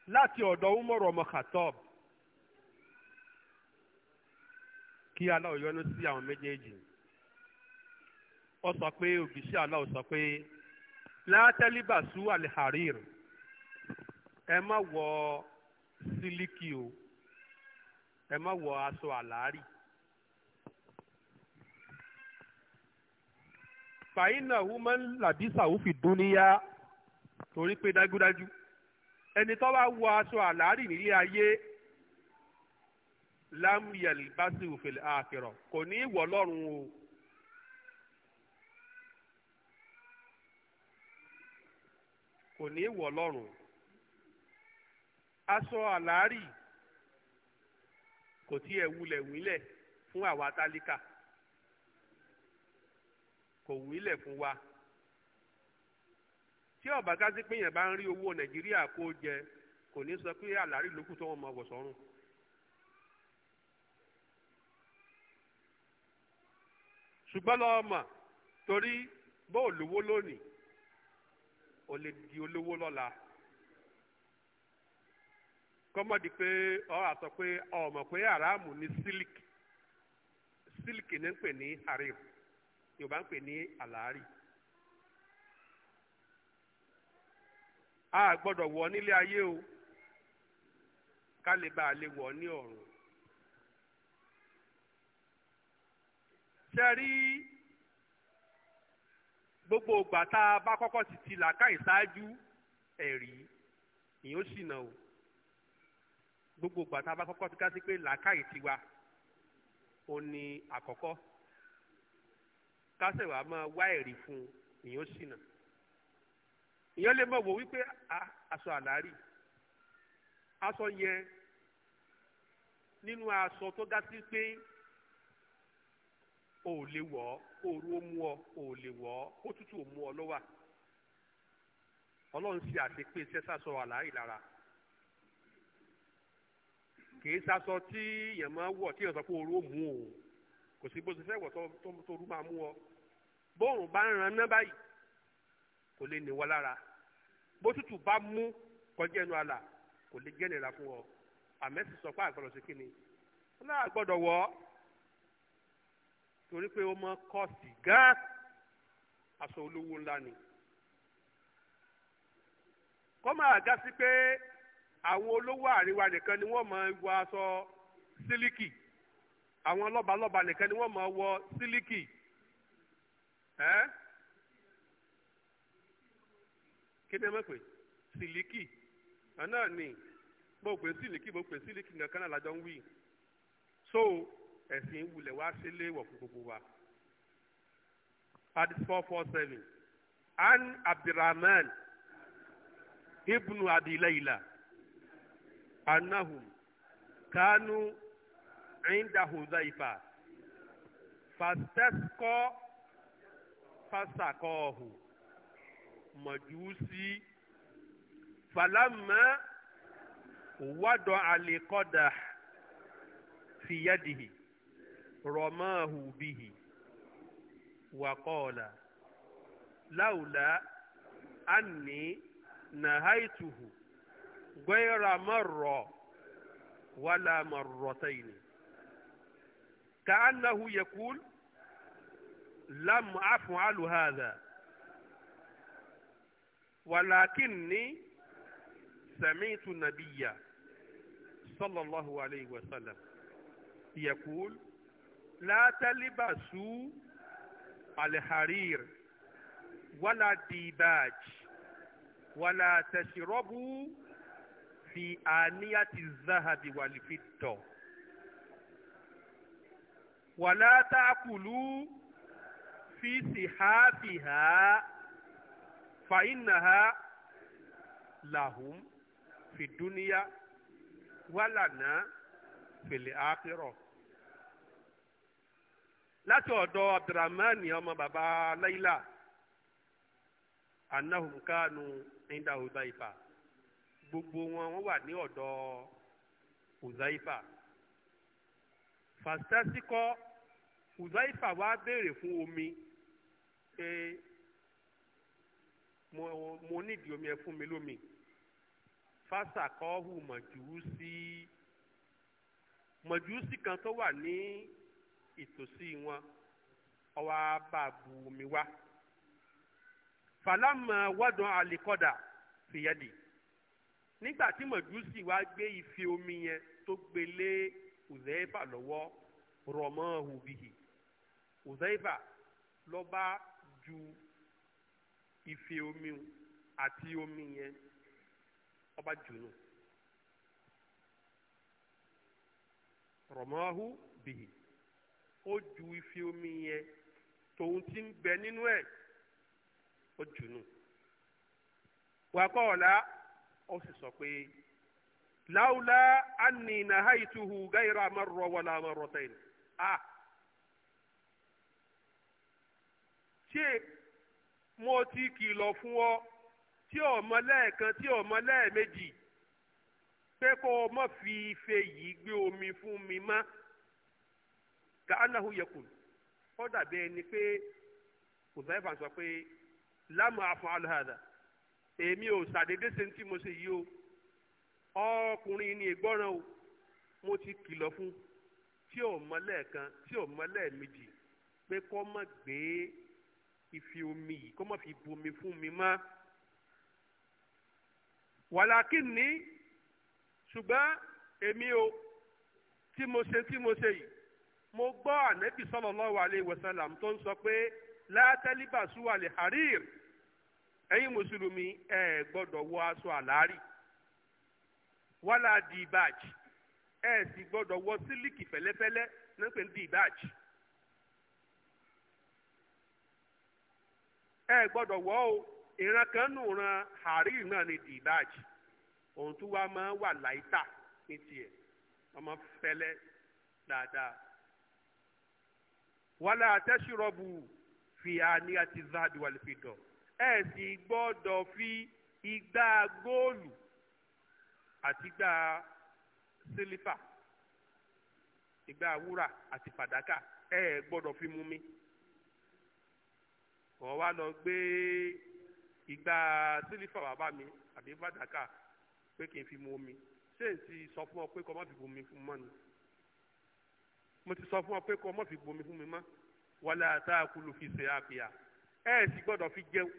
لا تيودو مرو ọmọ kí aláwọ̀ yọ́nú sí àwọn méjèèjì ó sọ pé òbíṣẹ́ aláwọ̀ sọ pé látẹ́líbàṣú àlẹ́hàrír ẹ má wọ sílíkì o ẹ má wọ aṣọ àlárì. fàyínà woman labisa òfin dúníyà torí pé dájúdájú ẹni tó bá wọ aṣọ àlárì nílé ayé lámúyẹ̀lì bá sì òfèlè àkìrọ̀ kò ní í wọ̀ lọ́rùn o. kò ní í wọ̀ lọ́rùn aṣọ àlárì kò tiẹ̀ wulẹ̀ wílẹ̀ fún àwa tálíkà kò wílẹ̀ fún wa tí ọ̀bàgá sí pé yẹn bá ń rí owó nàìjíríà kó jẹ kò ní sọ pé àlárì lókù wọn mọ wọ̀ sọ́run. ṣùgbọ́n lọ́ọ́ mọ̀ torí bó olówó lónìí o lè di olówó lọ́la kọ́mọ́dì pé ọ àsọ pé ọmọ pé aráàmù ní sílíkì sílíkì ní ń pè ní àríwò yorùbá ń pè ní àlàárì. a gbọ́dọ̀ wọ nílé ayé o ká lè bá lè wọ̀ ní ọ̀run ṣẹ́rí gbogbo ìgbà tá a bá kọ́kọ́ sì ti là káyìn ṣáájú ẹ̀rí ìyẹn ó sì nà o gbogbo ìgbà tá a bá kọ́kọ́ ti ká sí pé làákàyè tiwa ó ní àkọ́kọ́ kásẹ̀wá máa wá ẹ̀rí fún un ìyẹn ó sì nà ìyẹn lè mọ̀ wò wípé aṣọ àlárì aṣọ yẹn nínú aṣọ tó dá sí pé o ò lè wọ̀ ooru ó mú ọ o ò lè wọ̀ ọ́ òtútù ó mú ọ lọ́wà ọlọ́run ṣe àṣepé sẹ́sà sọ àlàyé lára kìí sasọ tí èèyàn máa wọ̀ tí èèyàn sọ pé ooru ó mú o kò sí bó ṣe fẹ́ wọ̀ tó rú máa mú ọ bóòrùn bá ń ran ná báyìí kò lè níwọ lára bó tútù bá mú kọjá ẹnu àlà kò lè jẹ́ nira fún ọ àmẹ́sì sọ pé àgbọ̀dọ̀ sí kíni ọlọ́run àgbọ̀dọ̀ wọ̀ ọ́ torí pé ó mọ kọ́ọ̀sì gáà aṣọ olówó ńlá ni kọ́ máa ga sí pé àwọn olówó àríwá nìkan ni wọ́n máa wọ aṣọ sílíkì àwọn lọ́balọ́ba nìkan ni wọ́n máa wọ sílíkì ẹ́ kí ni ẹ máa pè sílíkì náà ni mo pè sílíkì mo pè sílíkì nǹkan náà lájọ ń wí so ẹ̀sìn ìwulẹ̀ wá sí léèwọ̀ fún gbogbo wa. Hadith four four seven An Abdulrahman ibnu Abi Layla annahum kanu inda Hudhaifa fastasqa fasaqahu majusi falamma wada alikọda fi رماه به وقال لولا أني نهيته غير مرة ولا مرتين كأنه يقول لم أفعل هذا ولكني سمعت النبي صلى الله عليه وسلم يقول لا تلبسوا الحرير ولا الديباج ولا تشربوا في آنية الذهب والفضة ولا تأكلوا في صحافها فإنها لهم في الدنيا ولنا في الآخرة láti ọ̀dọ̀ abdulrahman ọmọ Baba Layla, anahum kanu inda uzaifa gbogbo wọn wọn wà ní ọ̀dọ̀ uzaifa fàṣẹ́síkọ́ uzaifa wá béèrè fún omi pé mo mo nídìí omi ẹ fún mi lómi fásakọ́hù mọ̀júúsí mọ̀júúsí kan tó wà ní ìtòsí wọn ọwọ́ bá bu omi wá. fàlámà wọ́dàn àlìkọ́dà fìyẹ́dì nígbà tí mọ̀júsì wá gbé ife omi yẹn tó gbélé Uzaifa lọ́wọ́ rọ̀mọ́ òbíhì Uzaifa ló bá ju ife omi àti omi yẹn ó bá jù nù ó ju ife omi yẹn tòun ti ń bẹ nínú ẹ ó jù nù wàkọ́ si ó sì sọ pé láwùlá àní nàháìtuhu gáyìrá amárò wàlá amárò tẹ̀yìn a ṣé mo ti kìlọ̀ fún ọ tí ò mọ lẹ́ẹ̀kan tí ò mọ lẹ́ẹ̀mejì pé kó o mọ̀ fi ife yìí gbé omi fún mi mọ́. ka anahu yekun ó dàbí ẹni pé Huzaifa sọ pé lámù àfọ̀n alùhàdà èmi ò sàdédé ṣe tí mo ṣe yìí o ọkùnrin ni ìgbọ́ràn o mo ti kìlọ̀ fún tí ò mọ lẹ́ẹ̀kan tí ò mọ lẹ́ẹ̀mejì pé kó má gbé ìfi omi yìí kó má fi bomi fún mi mọ́ wàlákìn ní ṣùgbọ́n èmi o tí mo ṣe tí mo ṣe yìí mo gbọ́ ànẹ́bì sallallahu alayhi wa sallam tó ń sọ pé látẹ́líbà súwà lè harir ẹ̀yin mùsùlùmí ẹ gbọ́dọ̀ wọ aṣọ àlárì wàlá dìbàj ẹ sì gbọ́dọ̀ wọ sílíkì fẹ́lẹ́fẹ́lẹ́ náà pé ń dìbàj. ẹ gbọ́dọ̀ wọ o ìran kan nù ran harir náà ni dìbàj òun tó wá máa wà láìta ní tiẹ̀ ọmọ fẹ́lẹ́ dáadáa wàlá àtẹ́sírọ́bù fìhà ní àti záàdì wà lẹ́fẹ̀dọ̀ ẹ sì gbọ́dọ̀ fi igbá góòlù àti igbá sílífà igbá wúrà àti fàdákà ẹ gbọ́dọ̀ fi mu mi wọ́n wá lọ gbé igbá sílífà bàbá mi àbí fàdákà pé kí n fi mu omi ṣé n ti sọ fún ọ pé kọ́ má fi mu omi fún mọ́ni mo ti sọ fún ọ pé kó má fi gbomi fún mi mọ́ wàlẹ́ àtàkùlù fi ṣe àpìyà ẹ ẹ sì gbọ́dọ̀ fi jẹun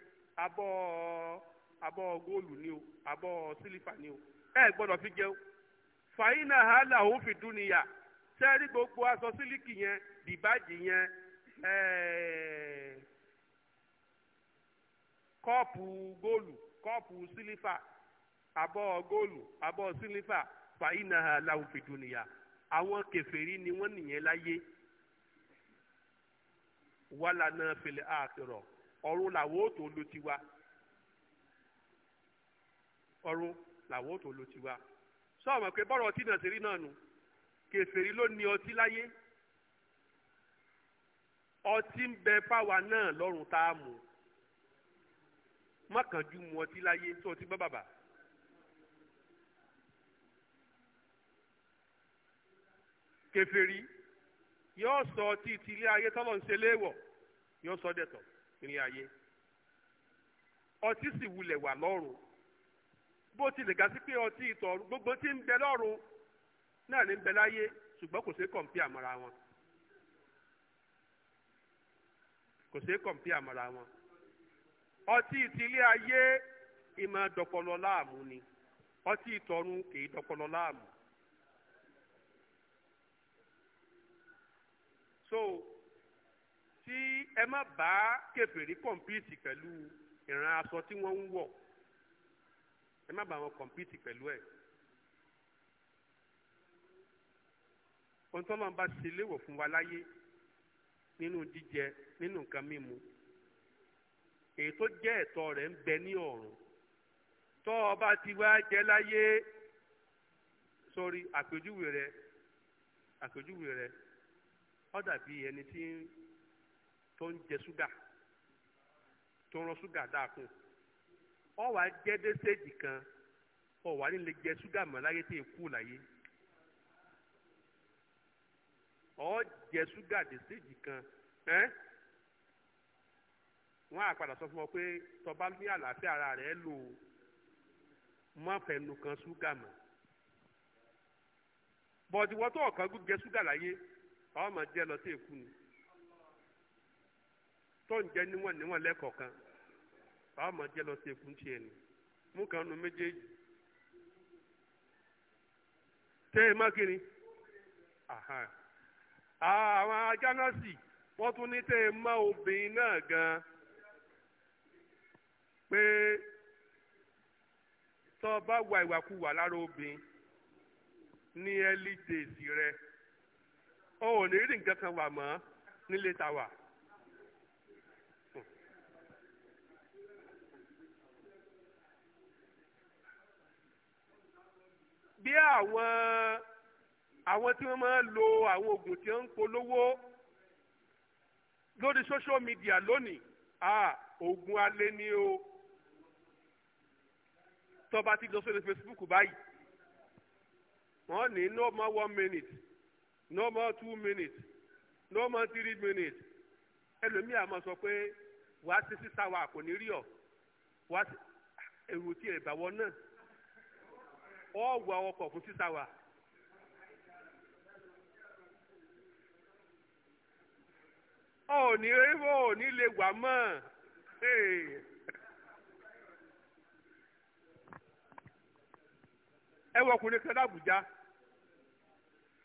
abọ́ abọ́ góòlù ni o abọ́ sílífà ni o ẹ ẹ gbọ́dọ̀ fi jẹun fàyínà hàlà òun fi dún níyà sẹ́ẹ̀rí gbogbo aṣọ sílíkì yẹn dìbàjì yẹn kọ́ọ̀pù góòlù kọ́ọ̀pù sílífà abọ́ góòlù abọ́ sílífà fàyínà hàlà òun fi dún níyà àwọn kèfèrí ni wọ́n nìyẹn láyé wàhálà náà fèlè àkìrọ̀ ọ̀run làwọn ò tó lu tiwa ọ̀run làwọn ò tó lu tiwa sọ̀rọ̀ pé bọ́rọ̀ ọtí náà ti rí náà nù kèfèrí ló ní ọtí láyé ọtí ń bẹ fáwa náà lọ́rùn tá a mú mọ́kànjú mu ọtí láyé tó ọtí bá bàbà. eferi yóò sọ tí ti ilé ayé tọ́lọ̀ ń ṣe léèwọ̀ yóò sọ dẹ̀tọ̀ ilé ayé ọtí sì wulẹ̀ wà lọ́rùn bó tilẹ̀ ga sí gbogbo tí ń bẹ lọ́rùn náà ní ń bẹ láyé ṣùgbọ́n kò kọ̀m̀pì àmọ́ra wọn kò ṣeé kọ̀m̀pì àmọ́ra wọn ọtí ti ni ọtí ìtọ̀run kì í dọ̀pọ̀lọ láàmú. so tí ẹ má bá kèfèrí kọ̀mpìtì pẹ̀lú ìran aṣọ tí wọ́n ń wọ̀ ẹ má bá wọn kọ̀mpìtì pẹ̀lú ẹ̀. ohun tó máa ń bá ṣe léwọ̀ fún wa láyé nínú jíjẹ nínú nǹkan mímu èyí tó jẹ́ ẹ̀tọ́ rẹ̀ ń bẹ ní ọ̀run tó o ti wá jẹ láyé sórí àpèjúwe rẹ àpèjúwe rẹ Ọ dàbí ẹni tí tó ń jẹ ṣúgà tó ń rọ ṣúgà dákun ó wá jẹ́ dé kan ọ wà ní nílé jẹ ṣúgà mọ́ láyé tí èkú láyé ọ jẹ ṣúgà dé kan ẹ́ wọ́n á padà sọ fún ọ pé tó bá ní àlàáfíà ara rẹ̀ lò ó má fẹnu kan ṣúgà mọ́ bọ̀dìwọ́tò ọ̀kan gúgẹ ṣúgà láyé. ọmọ jẹ lọ sí èkú ni tó ń jẹ níwọ̀n níwọ̀n lọ sí èkú tiẹ̀ ni mú kan nu méjèèjì tẹ́ ẹ má kiri àwọn ajánásì wọ́n tún ní tẹ́ ẹ má obìnrin náà gan pé o ò ní rí nǹkan kan wà mọ́ nílé ta wà. bí àwọn àwọn tí wọ́n máa ń lo àwọn oògùn tí wọ́n ń polówó lórí social media lónìí ah oògùn alẹ́ ni o tó bá ti lọ sórí Facebook báyìí wọ́n ní no more one minute no more two minutes no more three minutes ẹlòmíì àmọ́ sọ pé wà á ti sísá wa kò ní rí ọ wà á ti èrò tí èrè bàwọ náà ọ wà ọkọ̀ fún sísá wa. ò ní rírò ò ní lè wà mọ́ ẹ wọ ọkùnrin kan lábùjá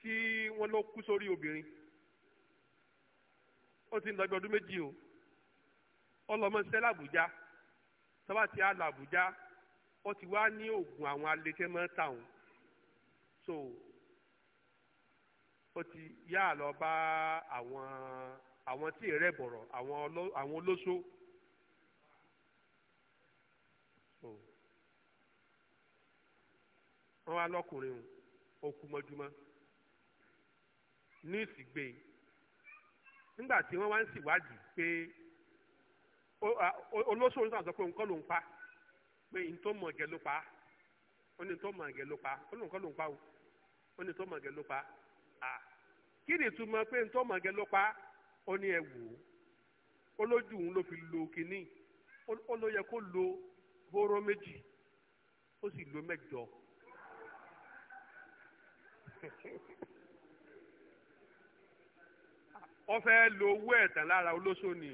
tí wọ́n ló kú sórí obìnrin ó ti ń lọ bí ọdún méjì o ọlọmọ làbújá tọ́ba ti á làbújá ó ti wá ní oògùn àwọn alẹ́kẹ́ mọ́ táwọn so ó ti yá lọ bá àwọn àwọn tí ì rẹ̀ bọ̀rọ̀ àwọn olóṣó. wọ́n wá lọ́kùnrin òkú mọ́júmọ́. news gbé nígbà tí wọ́n wá ń ṣèwádìí pé olóṣòwò sọ pé nǹkan ló ń pa pé n tó mọ̀ ló pa ó ní tó mọ̀ ó ní tó mọ̀ kí ni tó mọ̀ ló pa ó ní ẹ wò ó ló fi lo kínní ó ló yẹ kó lo lo mẹ́jọ. wọ́n fẹ́ lo owó ẹ̀tàn lára olóṣó ni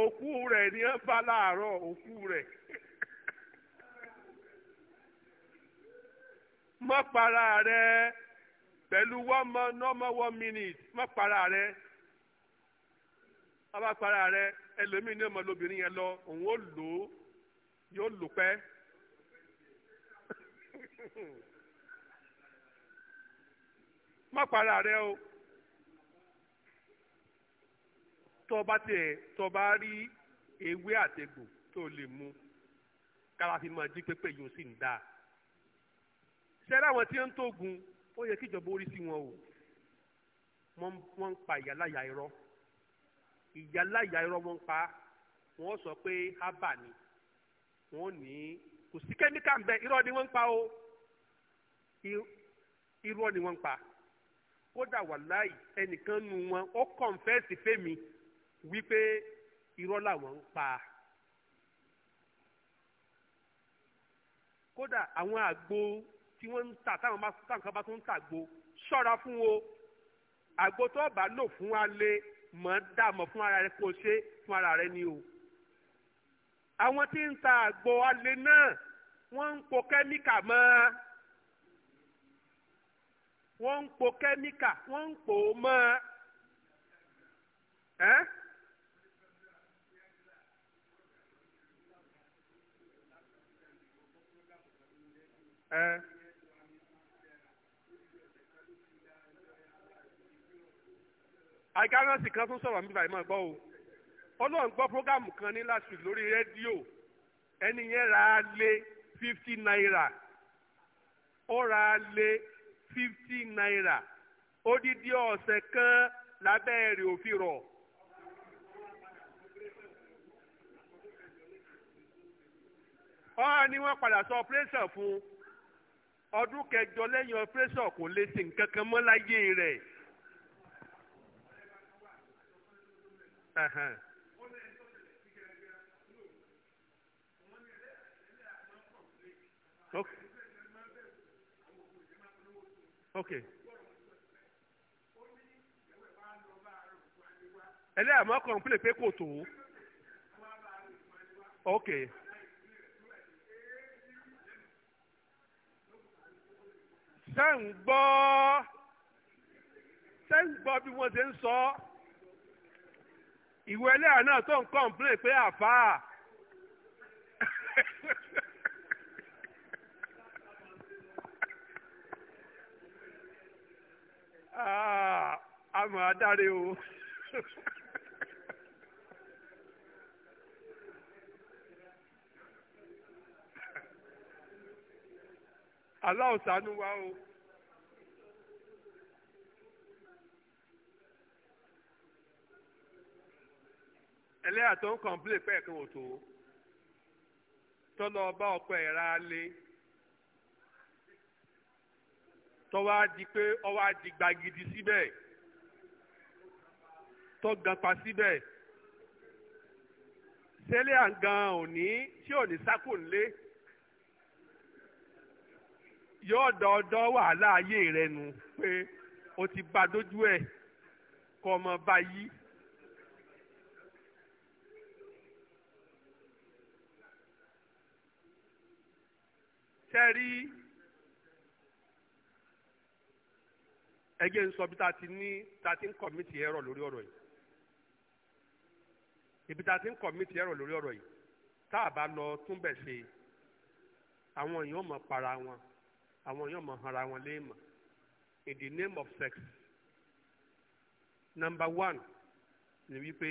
òkú rẹ̀ ni wọ́n bá láàárọ̀ òkú rẹ̀ má para rẹ̀ pẹ̀lú one man normal one minute má para rẹ̀ ọba para rẹ̀ ẹlòmíín ní ọmọ lóbìnrin yẹn lọ òun ó lò ó yóò lò pẹ́. má para rẹ o tó bá tiẹ̀ tó bá rí ewé àtẹ̀gbò tó lè mu kára fi máa jí pépé yìí ó sì ń dáa ṣẹ́rẹ́ àwọn tí ń tógun ó yẹ kíjọba orí sí wọn o wọ́n ń pa ìyáláyà irọ́ ìyáláyà irọ́ wọ́n ń pa wọ́n sọ pé ábà ni wọ́n ní kò sí kẹ́míkà ń bẹ irọ́ ni wọ́n ń pa o irọ́ ni wọ́n ń pa kódà wàláì ẹnìkan nu wọn ó kọ̀ǹfẹ́sì fẹ́mi wípé irọ́ làwọn ń pa. kódà àwọn àgbo tí wọ́n ń tà táwọn bá táwọn bá tún ń tàgbo ṣọ́ra fún o àgbo tó bá lò fún alẹ́ mọ̀ ń dààmú fún ara rẹ kó ṣe fún ara rẹ ni o. àwọn tí ń ta àgbo alẹ́ náà wọ́n ń po kẹ́míkà mọ́ ọ wọ́n ń po kẹ́míkà wọ́n ń pò ó mọ́ ẹ́. ẹ́. àgárànsì kan tún sọ̀rọ̀ níbi àìmọ̀ gbọ́ o ọlọ́run gbọ́ prógámù kan ní last week lórí rédíò ẹni yẹn ra lé fifty naira ó ra lé fifty naira odidi ọ̀sẹ̀ kan lábẹ́ èrè òfin rọ̀. ọ́n ni wọ́n padà sọ pírẹ́sọ̀ fún ọdún kẹjọ lẹ́yìn pírẹ́sọ̀ kò lè ṣe nǹkan re. okay. ẹlẹ́yà mọ́ kọ̀ǹpilẹ̀ pé kò tó okay. ṣé ń gbọ́ ṣé ń gbọ́ bí wọ́n ṣe ń sọ ìwé ẹlẹ́yà náà tó ń kọ̀ǹpilẹ̀ pé àfáà. máa dáre o aláwọ̀ sànú wa o. ẹlẹ́yà tó ń kọ̀ǹpilẹ̀ pẹ́ kí wò tó tọ́lọ́ ọba ọ̀pọ̀ ẹ̀ ra lé tọ́wọ́ á di pé ọwọ́ di gbagidi síbẹ̀. Si tó gapa síbẹ̀ sẹ́lẹ̀ àgàn òní tí ò ní sákò ńlé yóò dọ́ọ́dọ́ wàhálà ayé rẹ nu pé o ti bá dójú ẹ̀ kọ́ ọmọ bá yí. sẹ́rí ẹgbẹ́ nsọ́bí tá a ti ní tá a ti ń kọ̀mìtì ẹ̀rọ lórí ọ̀rọ̀ yìí ibi tá a ti ń kọ̀mítì ẹ̀rọ lórí ọ̀rọ̀ yìí tá a bá lọ túnbẹ̀ ṣe àwọn èèyàn mọ̀ para wọn àwọn èèyàn mọ̀ hanra wọn léèmọ̀ in the name of sex number one ni wípé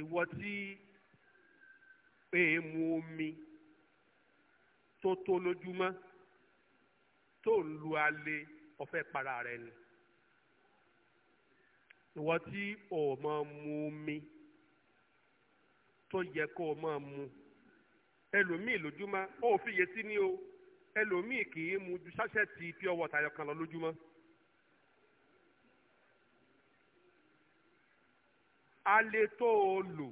ìwọ tí èèmù omi tó tó lójúmọ́ tó ń lu alẹ́ ọ̀fẹ́ para rẹ ni. ìwọ tí o mọ mu omi tó yẹ kó o máa mu ẹlòmíì lójúmọ́ ó fi yé sí ní o ẹlòmíì kì í mu ju ti fi ọwọ tayọ kan lọ lójúmọ́. alẹ́ tó o lò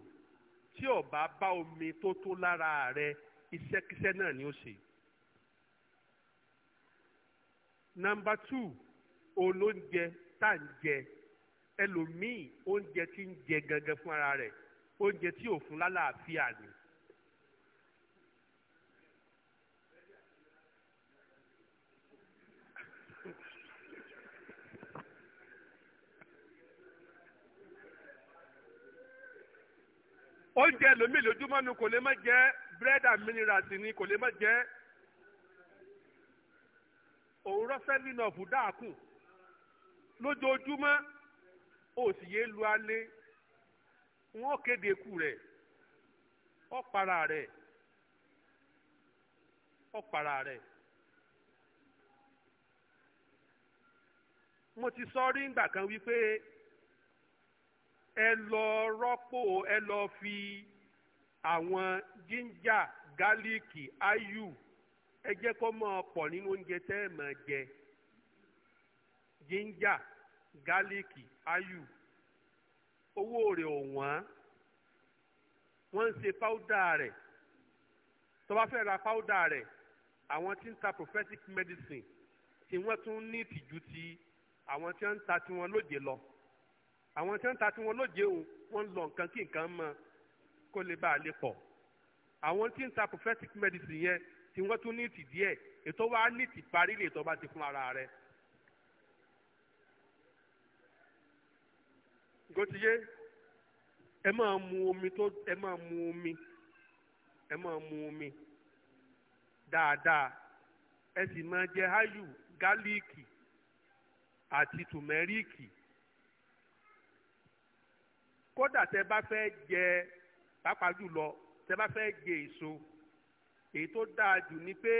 tí o bá bá omi tó tó lára rẹ iṣẹ́kíṣẹ́ náà ni ó ṣe. nọ́mbà two olóúnjẹ tá à ń jẹ. ẹlòmíì oúnjẹ tí ń jẹ gangan fún ara rẹ̀ oúnjẹ tí ò fún lálàáfíà ni. oúnjẹ ẹlòmíì lójúmọ́ ni kò lè má jẹ bread and minerals ni kò lè má jẹ òun rọ́ṣẹ́ nínú ọ̀bùdá lójoojúmọ́ o sì yé lu alé wọn kéde ikú rẹ̀ ó para rẹ̀ ó para rẹ̀ mo ti sọ rí ngbà kan wípé ẹ lọ rọ́pò ẹ lọ fi àwọn jíńjà gálíìkì áyù ẹ jẹ́ kó mọ̀ ọ́ nínú oúnjẹ tẹ́ ẹ máa jẹ jíńjà gálíìkì ayù owó rẹ̀ ọ̀wọ́n wọ́n ń ṣe páúdà rẹ̀ tó bá fẹ́ ra páúdà rẹ̀ àwọn tí ń ta prophetic medicine tí wọ́n tún ní ìtìjú ti àwọn tí wọ́n ń ta tiwọn lóje lọ àwọn tí wọ́n ń ta tiwọn lóje o wọ́n ń lọ nǹkan kí nǹkan mọ kó lè bá a lè pọ̀ àwọn tí ń ta prophetic medicine yẹn tí wọ́n tún ní ìtì díẹ̀ ètò wa ní ìtì lè tọ́ bá ti fún ara rẹ̀ gòtìyé ẹ máa mu omi tó ẹ máa mu omi ẹ máa mu omi dáadáa ẹ sì máa jẹ áyù gálíìkì àti tùmẹ́ríìkì kódà tẹ bá fẹ́ jẹ pàápàá jùlọ tẹ bá fẹ́ jẹ èso èyí tó dáa jù ni pé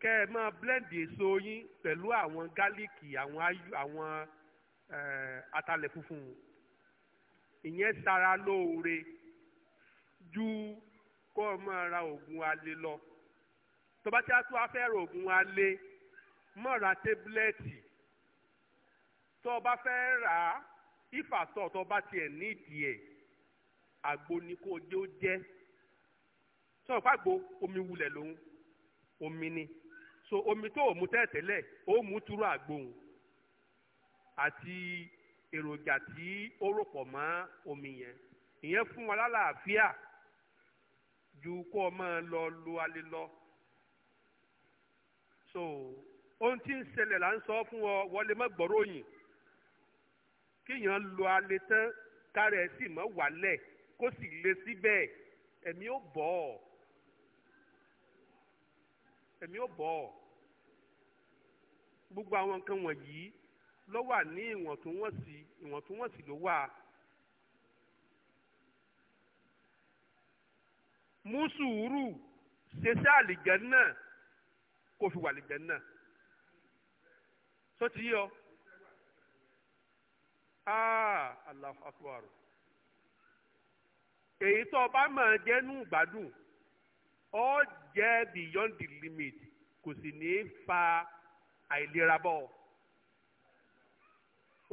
kẹ́ ẹ máa blend èso yín pẹ̀lú àwọn gálíìkì àwọn áyù àwọn. Eh, atalẹ̀ funfun ìyẹn sara lóore ju kó o máa ra oògùn alẹ́ lọ tó bá tí a tún afẹ́ ra oògùn alẹ́ mọ́ ra tébúlẹ́ẹ̀tì tó o bá fẹ́ rà á ìfàtọ̀ tó o bá tiẹ̀ nídìí ẹ̀ àgbo ni kò jẹ́ ó jẹ́ sọ̀rọ̀ fàgbo omi wulẹ̀ lòun omi ni so omi tó o mu tẹ́tẹ́lẹ̀ o mu turu àgbo òun àti èròjà tí ó rò pọ̀ mọ́ omi yẹn ìyẹn fún wa lálàáfíà ju kó o máa lọ lu alẹ́ lọ so ohun tí ń ṣẹlẹ̀ là ń sọ fún ọ wọlé má gbọ́ròyìn kíyàn lu alẹ́ tán kárẹ̀ sì mọ́ wálẹ̀ kó sì lé síbẹ̀ ẹ̀mí ò bọ̀ ọ́ ẹ̀mí ò bọ̀ ọ́ gbogbo àwọn nǹkan wọ̀nyí ló wà ní ìwọ̀ntúnwọ̀nsì ìwọ̀ntúnwọ̀nsì ló wà. mú sùúrù ṣeṣe àlìjẹ́nà kò fi wà àlìjẹ́nà sọ ti yọ. Ah, Allahu akbar èyí tó o bá mọ̀ ẹ́ jẹ́ nù gbádùn ọ jẹ́ beyond the limit kò sì ní í fa àìlera bọ́ ọ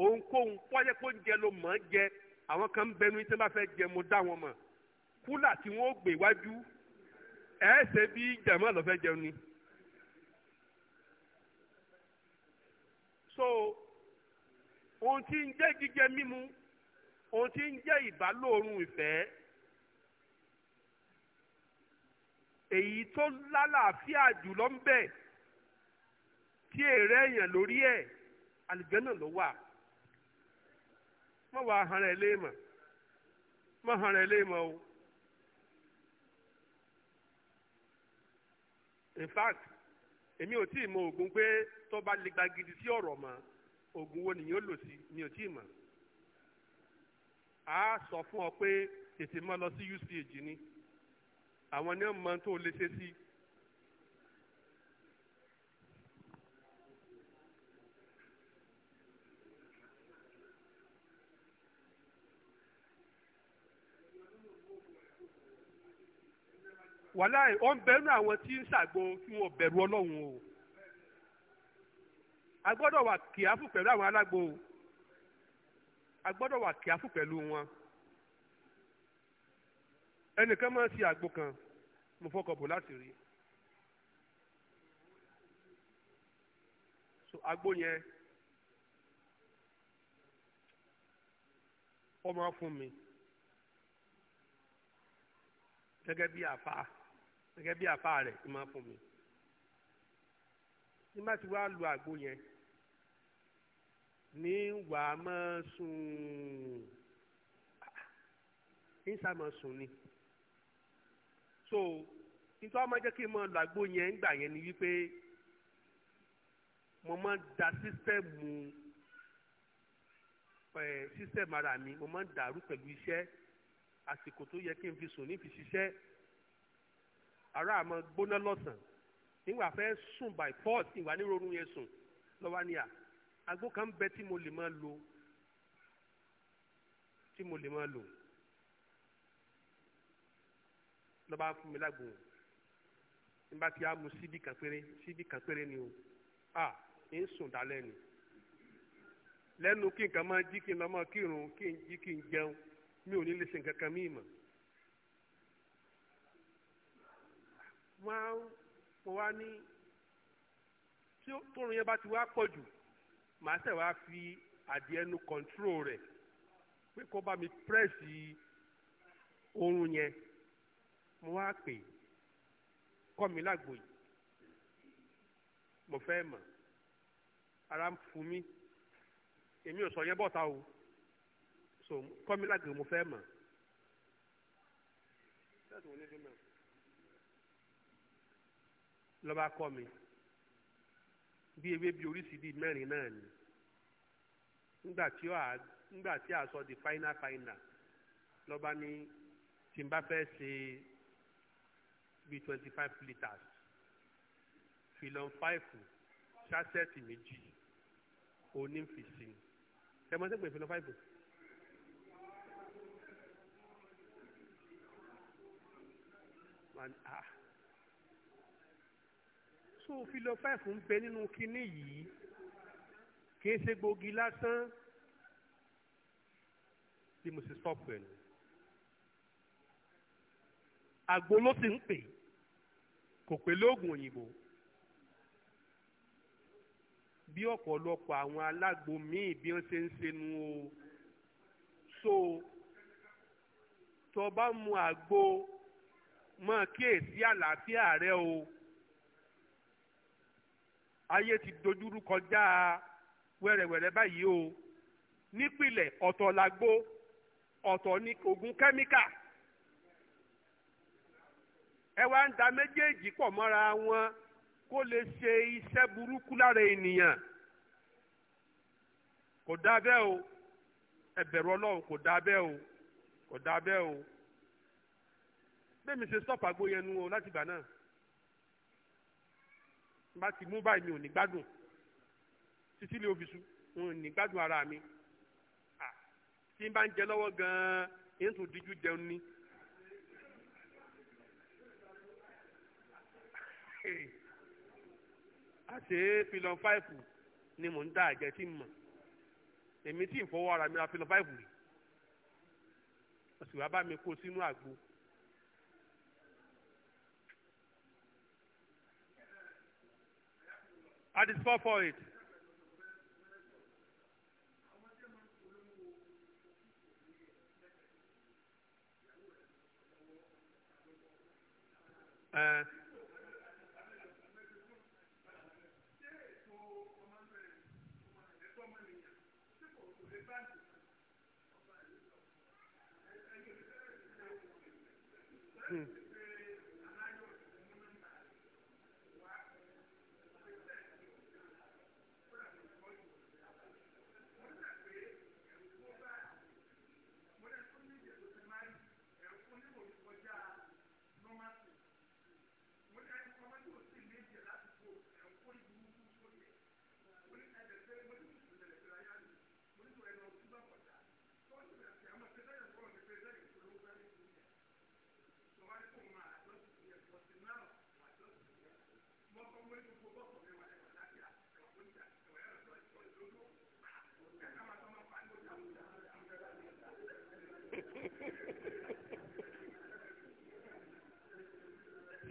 ohunkóhun fọ́yẹ́ kó ń jẹ ló mọ̀ ọ́n jẹ àwọn kan ń bẹnu tí wọ́n bá fẹ́ jẹ mo dá wọn mọ̀ kúlà tí wọ́n gbé wájú ẹ̀ bí jàmọ́ lọ́ fẹ́ jẹun ni. so ohun tí ń jẹ́ jíjẹ mímu ohun tí ń jẹ́ ìbálòrun ìfẹ́ èyí tó lálàáfíà jùlọ ń bẹ tí èrè èèyàn lórí ẹ̀ àlùjànnà ló wà. má wàá hàn ẹ léèmọ̀ má hàn ẹ o. in fact èmi ò tí ì mọ ògùn pé tó bá lè gba gidi sí ọ̀rọ̀ mọ́ ògùn wo nìyẹn ó lò sí mi ò tí ì mọ̀ a sọ fún ọ pé tètè má lọ sí usage ni àwọn ni wọ́n mọ tó lè ṣe sí. Si wàláì ó ń bẹnu àwọn tí ń ṣàgbo kí wọn bẹ̀rù ọlọ́run o a gbọ́dọ̀ wà kíáfù pẹ̀lú àwọn alágbo o a gbọ́dọ̀ wà kíáfù pẹ̀lú wọn ẹnìkan máa ń ṣe àgbo kan mo fọkàn bò láti rí so àgbo yẹn ó máa fún mi gẹ́gẹ́ bí àfa gẹ́gẹ́ bí àfa rẹ̀ ti máa fún mi tí má ti wá lu àgbo yẹn ní wà á máa sùn ní sàmọ̀ sùn ni so nítorí ọmọ jẹ́ kí n máa lu àgbo yẹn ńgbà yẹn ni wípé mo máa da sísítẹ́ẹ̀mù ẹ̀ sísítẹ́ẹ̀mù ara mi mo máa ń dàrú pẹ̀lú iṣẹ́ àsìkò tó yẹ kí n fi sùn ní fi ṣiṣẹ́ ara àmọ́ gbóná lọ́sàn nígbà fẹ́ sùn by force ìwà nírònú yẹn sùn lọ́wọ́ ni à àgbo kan bẹ tí mo lè máa lo tí mo lè máa lò lọ́ba fún mi lágbo nígbà tí a mu síbí kan péré síbí kan péré ni o a ń sùn dálẹ́ ni lẹ́nu kí nǹkan máa jí kí n lọ́ máa kírun kí n jí kí n jẹun mi ò ní lè ṣe nǹkan kan mí mọ́. wọ́n á wọ́n wá ní tí tóorun yẹn bá ti wá pọ̀ jù màá ṣe wá fi àdìẹnu kọ̀ǹtró rẹ̀ pé kó bá mi pírẹ́sì oorun yẹn mo wá pè kọ́ mi lágbo yìí mo fẹ́ mọ̀ ara ń fún mi èmi ò sọ yẹ bọ́ta o so kọ́ mi lágbo mo fẹ́ mọ̀ lọ́ba kọ́ mi bí ewé bí oríṣi bíi mẹ́rin náà ni nígbà tí ó nígbà tí a sọ di final final lọ́ba ní tí n bá fẹ́ ṣe bíi twenty five litres filon five ṣásẹ́ẹ̀tì méjì onífìsì ẹ mọ́ sẹ́gbẹ̀ẹ́ filon five. Man, ah. Yusuf Ilofef ń bẹ nínú kinní yìí kìí ṣe gbòógì lásán bí mo ṣe sọ pẹ̀lú àgbo ló ti ń pè kò pé lóògùn òyìnbó bí ọ̀pọ̀lọpọ̀ àwọn alágbo míì bí wọ́n ṣe ń ṣenu o so tó bá mu àgbo mọ́ kíyèsí àlàáfíà rẹ o. So, ayé ti dojúrú kọjá wẹ́rẹ́wẹ́rẹ́ báyìí o nípìlẹ̀ ọ̀tọ̀ làgbo ọ̀tọ̀ ni oògùn kẹ́míkà ẹ wá ń da méjèèjì pọ̀ mọ́ra wọn kó lè ṣe iṣẹ́ burúkú lára ènìyàn kò dáa bẹ́ẹ̀ o ẹ bẹ̀rù ọlọ́run kò dáa bẹ́ẹ̀ o kò dáa bẹ́ẹ̀ o bẹ́ẹ̀ mi ṣe stop àgbo o láti gbà náà bá ti mú báyìí mi ò ní gbádùn títí lè òbí su n ò ní gbádùn ara mi tí n bá ń jẹ lọ́wọ́ gan-an èyí tó díjú jẹun ni. àṣé pilon fáìfù ni mò ń dá àjẹ tí n mọ̀ èmi tí n fọwọ́ ara mi ra pilon fáìfù rí oṣù wa bá mi kó sínú àgbo. Hadith four for it. Uh, hmm.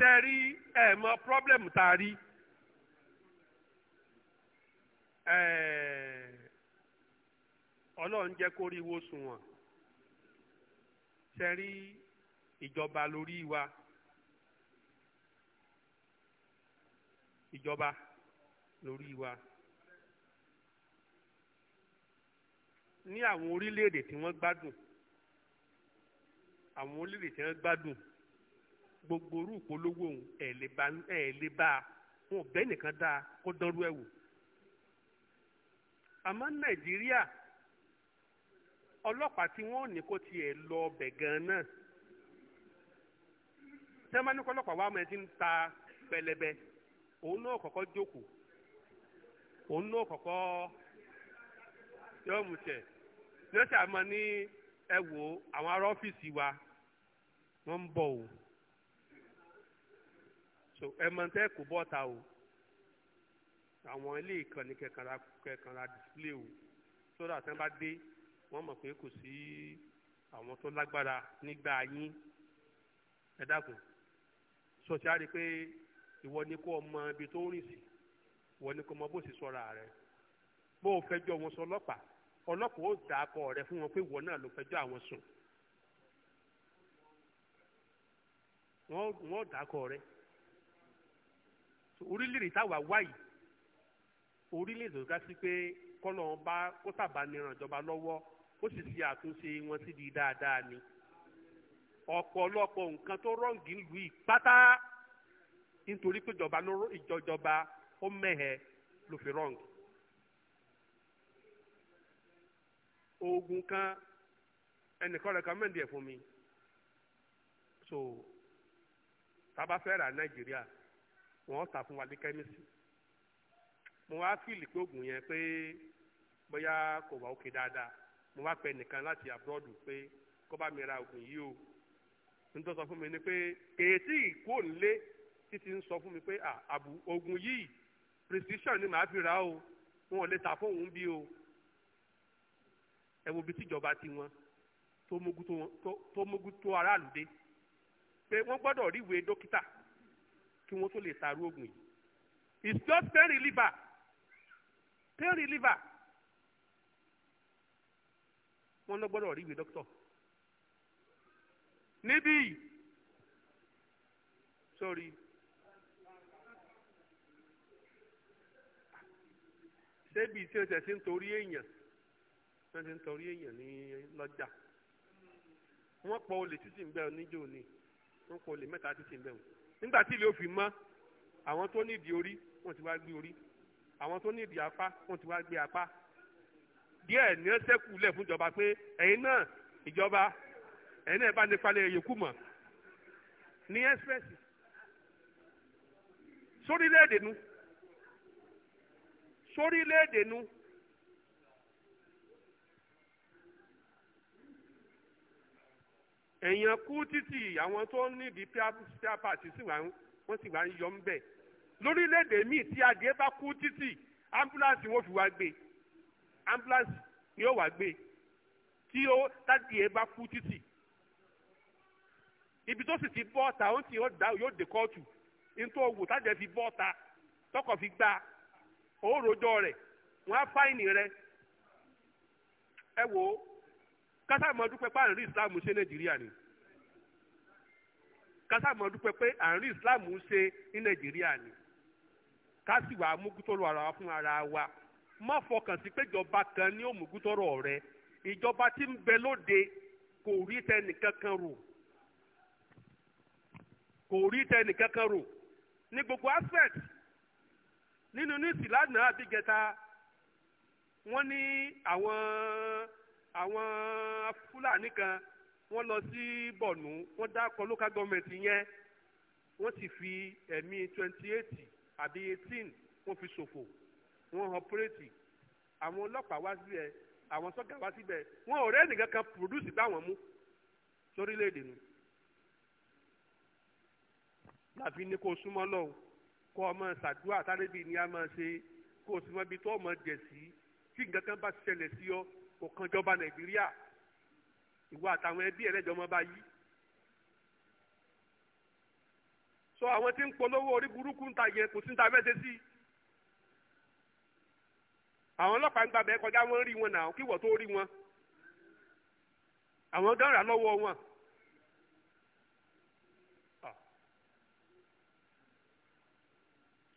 sẹ́rí ẹ̀ mọ problem tá a rí ọlọ́run jẹ́ kó rí wo sùn wọ̀n ìjọba lórí wa ìjọba lórí wa ní àwọn orílẹ̀-èdè tí wọ́n gbádùn àwọn orílẹ̀-èdè tí wọ́n gbádùn gbogbo orú ìpolówó òun ẹ̀ lè bá a wọn bẹ́ẹ̀ nìkan dáa kó dánrú ẹ̀ wò. àmọ́ nàìjíríà ọlọ́pàá tí wọ́n ní kó lọ ọbẹ̀ gan náà wa máa ti ń ta pẹlẹbẹ òun náà kọ́kọ́ jókòó òun náà kọ́kọ́ yọ̀ọ́mù tẹ̀ ní ọ̀sẹ̀ àmọ́ ní ẹ wò àwọn ará ọ́fíìsì wa wọ́n ń bọ̀ òun. so ẹmọ̀ntẹ́ kò bọ́ta o àwọn ilé ìkànnì kẹkànlá kẹkànlá display o sódà tí wọ́n bá dé wọ́n mọ̀ pé kò sí àwọn tó lágbára nígbà yín ẹ dákun sọ̀tì á rí i pé ìwọ ni kó mọ ibi tó ń rìn sí ìwọ ni kó mọ bó sì sọra rẹ bó o fẹjọ́ wọn sọ ọlọ́pàá ọlọ́pàá ó dà akọ rẹ fún wọn pé ìwọ náà ló fẹjọ́ àwọn sùn wọ́n ó dà akọ rẹ. orílẹ̀-èdè táwa wáyìí orílẹ̀-èdè tó ga sí pé kọ́lọ́n bá kó sábà ní si lọ́wọ́ ó sì ṣe àtúnṣe wọn sí di dáadáa ni ọ̀pọ̀lọpọ̀ nǹkan tó rọ́ǹgì lù í pátá nítorí pé ìjọba fi rọ́ǹgì. oògùn kan ẹnìkan fún mi so tá a wọ́n tà fún wa ní kẹ́mísì mo wá fíìlì pé oògùn yẹn pé bóyá kò wá òkè dáadáa mo wá pè nìkan láti àbúrọ́dù pé kó bá mi ra oògùn yìí o nítorí sọ fún mi ni pé kèétí ìkó nílé títí ń sọ fún mi pé àbù oògùn yìí prescription ni màá fi rà o wọn ò lè ta fóun bí o ẹ wo bí tíjọba ti wọn tó mógú tó aráàlú dé pé wọ́n gbọ́dọ̀ ríwèé dókítà kí wọ́n tó lè taru oògùn yìí it's just pain reliever pain reliever wọ́n lọ gbọ́dọ̀ rí ìwé dókítọ̀ níbí sorry ṣébi tí o ṣẹ̀ sí ń torí èèyàn wọ́n ti ń torí èèyàn ní lọ́jà wọ́n pọ̀ olè títì ń bẹ́ẹ̀ oníjó ni wọ́n pọ̀ olè mẹ́ta títì ń bẹ́ẹ̀ o nígbà tí ilé ò fi mọ́ àwọn tó nídìí orí wọ́n ti wá gbé orí àwọn tó nídìí apá wọ́n ti wá gbé apá díẹ̀ ní ẹ sẹ́kù lẹ̀ fún ìjọba pé ẹ̀yin náà ìjọba ẹ̀yin náà bá nípa lẹ̀ yòókù mọ̀ ní ẹ́sẹ̀sì sórílẹ̀èdè nu sórílẹ̀èdè nu. èèyàn kú títì àwọn tó nídìí pia part sì wọ́n sì wá ń yọ ń bẹ̀ lórílẹ̀‐èdè míì tí adìẹ bá kú títì ambulance wọn fi wá gbé ambulance ni ó wá gbé tí ó tádìẹ bá kú títì ibi tó sì ti bọ́ ọ̀tà ó ti yóò dé kóòtù nítorí owó tádìẹ fi bọ́ ọ̀tà tọkọ̀ fi gbá òórojọ́ rẹ̀ wọ́n á fáìnì rẹ̀ ẹ wò ó. kásá mọ̀ dúpẹ́ pé à islam ṣe nàìjíríà ni kásá mọ̀ dúpẹ́ pé à islam ṣe ní nàìjíríà ni ká wàá ara wa fún ara wa má fọkàn sí pé ìjọba kan ní òmùgútọ́rọ̀ rẹ ìjọba tí ń bẹ lóde kò rí tẹnìkankan rò kò rí tẹnìkankan rò ní gbogbo aspect nínú ní ìsìlánà àbígẹta wọn ní àwọn. àwọn fúlàní kan wọ́n lọ sí bọ̀nú wọ́n dákọ̀ local government yẹn wọ́n sì fi ẹ̀mí twenty eight àbí eighteen wọ́n fi ṣòfò wọ́n ọpẹ́rẹ́tì àwọn ọlọ́pàá wá síbẹ̀ àwọn sọ́gà wá síbẹ̀ wọn ò rẹ́ nìkan kan pùrọ̀dúsì báwọn mú sórílẹ̀-èdè nù. làfi ni kò súnmọ́ lọ́wọ́ kó ọmọ ṣàdúrà tárébì ni a máa ṣe kó o sì mọ ibi tó ọmọ jẹ̀ sí tí nǹkan kan bá ṣẹlẹ̀ sí ọ kò jọba nàìjíríà ìwọ àtàwọn ẹbí ẹlẹ́jọ́ bá yìí sọ àwọn tí ń polówó orí burúkú ń ta yẹn kò sí ń ta mẹ́sẹ̀ sí i. àwọn ń kọjá wọ́n rí wọn nà kí wọ́n tó rí wọn. àwọn gan wọn.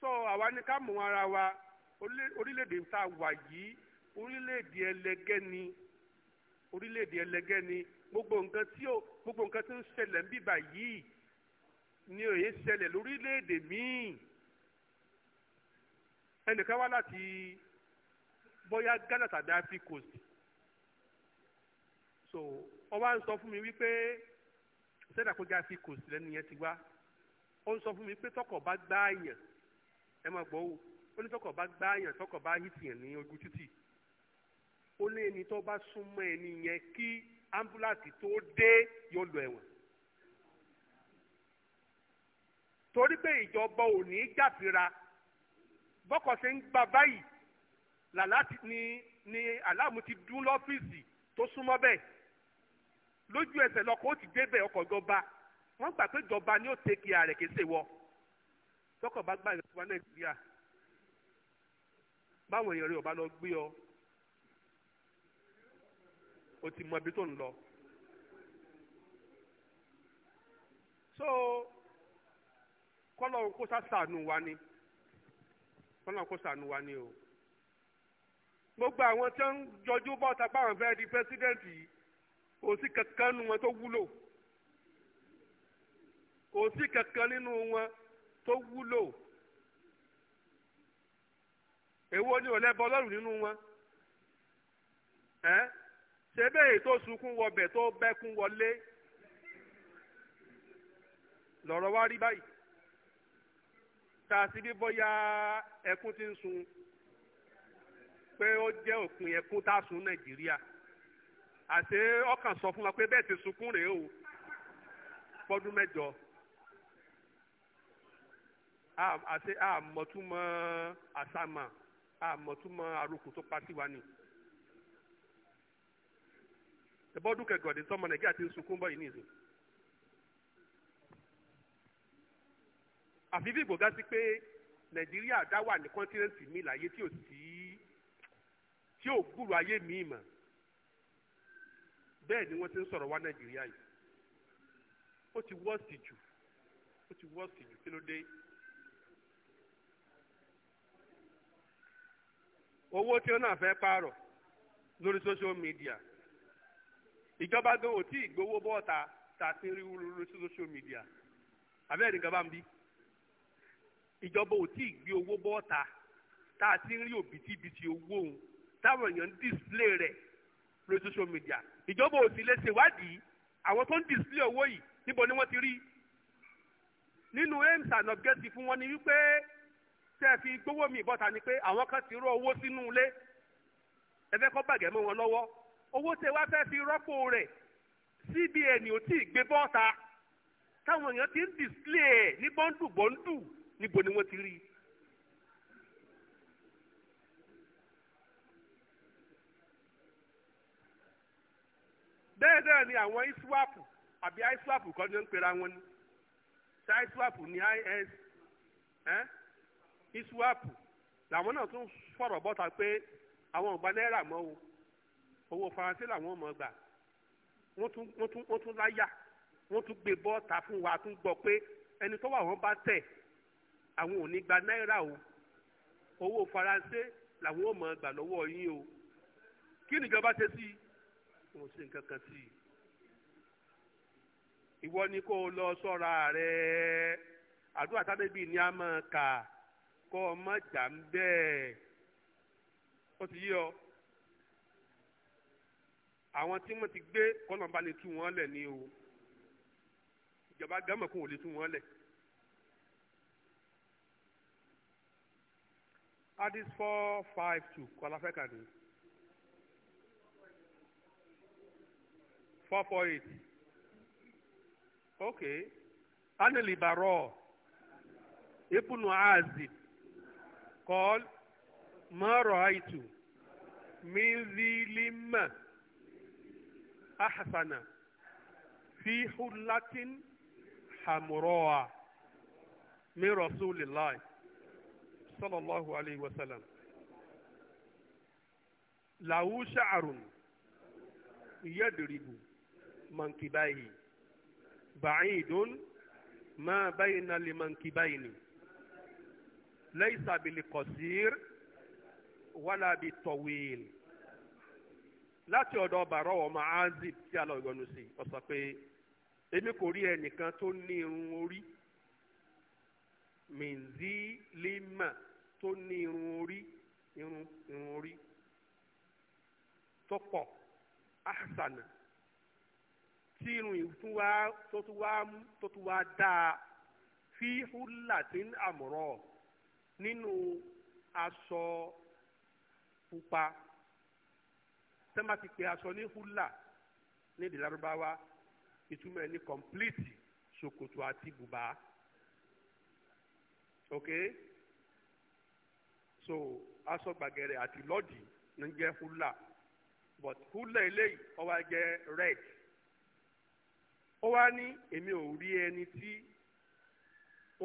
sọ àwa ni ká ara wa orílẹ̀-èdè orílẹ̀-èdè ẹlẹgẹ́ ni orílẹ̀-èdè ẹlẹgẹ́ ni gbogbo nǹkan tí ó gbogbo nǹkan tí ń ṣẹlẹ̀ ń bíbà yìí ni òye ṣẹlẹ̀ lórílẹ̀-èdè míì ẹnìkan wá láti bóyá Ghana tàbí Africa so ó wá ń sọ fún mi wípé sẹ́dà kó jẹ́ Africa coast lẹ́nu yẹn ti wá ó ń sọ fún mi pé tọkọ̀ bá gbá àyàn ẹ máa gbọ́ wò ó ní tọkọ̀ bá gbá àyàn tọkọ̀ bá hìtìyàn ní ojú títì ó lé ẹni tó bá súnmọ́ ẹni yẹn kí ambulance tó dé yóò lọ ẹ̀wọ̀n. torí pé ìjọba ò ní jàfira bọ́kọ̀ ń gba báyìí làlá ni ni aláàmú ti dún lọ́fíìsì tó súnmọ́ bẹ́ẹ̀ lójú ẹsẹ̀ lọkọ̀ ó ti débẹ̀ ọkọ̀ ìjọba wọ́n gbà pé ìjọba ni ó tẹ̀kì ààrẹ kì í ṣèwọ tọkọ̀ bá gbà ìrẹsì nàìjíríà báwọn èèyàn rẹ̀ ọba lọ gbé ọ o ti mọ ibi tó ń lọ. so kọ́lọ̀ kó sàṣàánú wa ni kọ́lọ̀ kó sàánú wa ni o gbogbo àwọn tí wọ́n ń jọjú bọ́ta báwọn fẹ́ẹ́ di pẹ́sidẹ́ǹtì kò sí kankan nínú wọn tó wúlò kò sí kankan nínú wọn tó wúlò èwo ni ò lẹ́bọ lọ́rùn nínú wọn sebe yi to sunkun wɔ to bɛkun wɔle lɔrɔ wa riba yi taasi bi bɔya ɛkun sun pe o jɛ okun ɛkun ta sun nigeria ase ɔkan sɔ fun wa pe bɛɛ ti sunkun re o fɔdun mẹjọ a ase a mɔtuma asama a mɔtuma arukutu pati wa ni. The ọdún kẹgọ̀dì tọ́mọ nàìjíríà ti ń sunkún bọ́ yìí ní ìsìn. àfi bí ìgbòga sí pé nàìjíríà dá wà ní kọ́ńtínẹ́ǹtì mi láyé tí ò sí tí ò gbúrò ayé mi mọ̀ bẹ́ẹ̀ ni wọ́n ti ń sọ̀rọ̀ wá nàìjíríà yìí ó ti wọ́ọ̀sì jù ó ti wọ́ọ̀sì jù kí ló dé. owó tí ó náà fẹ́ pààrọ̀ lórí social media ìjọba gan ò tí ì gbowó bọ́ọ̀ta tá a ti rí wúlúwúlú sí social media abẹ́rẹ́ nǹkan bá ń bí ìjọba ò tí ì gbé owó bọ́ọ̀ta tá a ti rí òbítíbitì owó òun táwọn èèyàn ń display rẹ̀ lórí social media ìjọba ò sì lè ṣèwádìí àwọn tó ń display owó yìí níbo ni wọ́n ti rí nínú aims and objectives fún wọn ni wípé tẹ́ ẹ fi gbówó mi bọ́ta ni pé àwọn kan ti rú owó sínú ilé ẹ fẹ́ kọ́ bàgẹ́ mọ́ wọn lọ́wọ́ owó tẹ wá fẹ́ fi rọ́pò rẹ̀ cbn ò tí ì gbé bọ́ta táwọn èèyàn ti ń display ní bọ́ńdù bọ́ńdù níbo ni wọ́n ti rí i. bẹ́ẹ̀ náà ni àwọn iswap àbí iswap kọ́ ni ó ń pera wọn ni ṣé iswap ni is eh? iswap làwọn náà tún fọ̀rọ̀ bọ́ta pé àwọn ò gba náírà mọ́ o owó faransé làwọn ọmọ gbà wọ́n tún wọ́n tún wọ́n tún láyà wọ́n tún gbé bọ́ọ̀tà fún wa tún gbọ́ pé ẹni tó wà wọ́n bá tẹ̀ àwọn ò ní gba náírà o owó faransé làwọn ọmọ gbà lọ́wọ́ yín o kí nìjọba ṣe sí i wọ́n ṣe nǹkan kan sí i ìwọ ni kó o lọ sọ́ra rẹ àdúrà tábẹ́bí ni a máa kà kó o má jà ń bẹ́ẹ̀ ó ti yí ọ àwọn tí wọ́n ti gbé kọ́nọ̀bá lè tú wọn lẹ̀ ní o ìjọba gámọ̀kún ò lè tú wọn lẹ̀. Addis four five two kọ́lá fẹ́ kàdé four four eight okay anil ibaro ibnu azib kọ́l mọ́rọ̀ àìtù mi ahasana fi hulatin hamuroa mi rasulillahi sallallahu alayhi wa sallam lahu sha'arun yadribu mankibaihi ba'idun ma bayna limankibaini laysa bilikosir wala bitawil láti ọ̀dọ̀ bàrọ̀ ọmọ azib tí a lọ yọnu sí ó sọ pé èmi kò rí ẹnìkan tó ní irun orí mìnzí lima tó ní irun orí irun irun orí tó pọ̀ ahsana tí irun ìtún wá tó tún wá tó tún wá dáa fi húlàtín àmúrọ̀ nínú aṣọ pupa tẹ́ bá ti pè aṣọ ní húlà ní èdè lárúbáwá ìtumọ̀ ẹ̀ ní complete ṣòkòtò àti bùbá ok so aṣọ gbàgẹ̀rẹ̀ àti lọ́ọ̀dì ní jẹ́ húlà but húlà eléyìí ó wá jẹ́ red ó wá ní èmi ò rí ẹni tí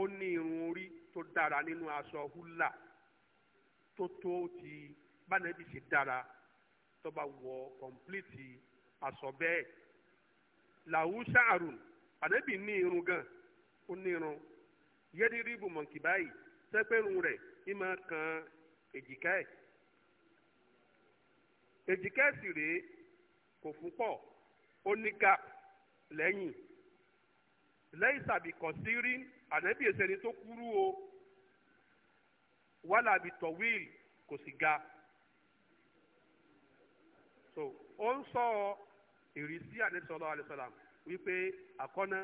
ó ní irun orí tó dára nínú aṣọ húlà tó tó ti bánẹ́bí ṣe dára tó bá wọ kọ̀ǹpìlìtì aṣọ bẹ́ẹ̀ làwù ṣáàrùn ànábì ní irun gan ó ní irun yẹ́dí ríbù mọ̀nkì báyìí sẹ́pẹ̀rún rẹ̀ ní kan èjìká ẹ̀ èjìká ẹ̀ sì rèé kò fún pọ̀ ó ní gap lẹ́yìn lẹ́yìn sàbí kọ̀ sí rí ànábì èsẹ́ni tó kúrú o wàhálà àbí kò sì ga. so ó ń sọ ìrísí ànábì sallallahu alaihi wasallam wípé àkọ́ná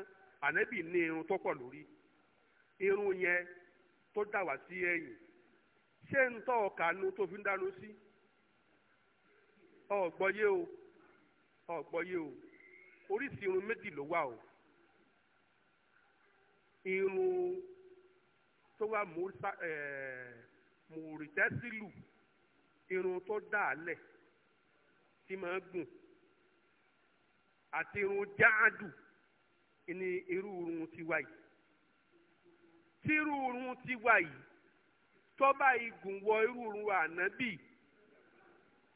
ànábì ní irun tó pọ̀ lórí irun yẹn tó dà wá sí ẹ̀yìn ṣé ń tọ́ ọ̀kanu tó fi ń dánu sí o ọ̀gbọ́yé o oríṣi irun méjì ló wà o irun tó wà mú ẹ̀ mú rìtẹ́sílù irun tó dà á lẹ̀. tí máa gùn àti irun jáàdù ni irú irun tiwa yìí tí irú irun tiwa yìí tọ́ba igun wọ irú irun ànábì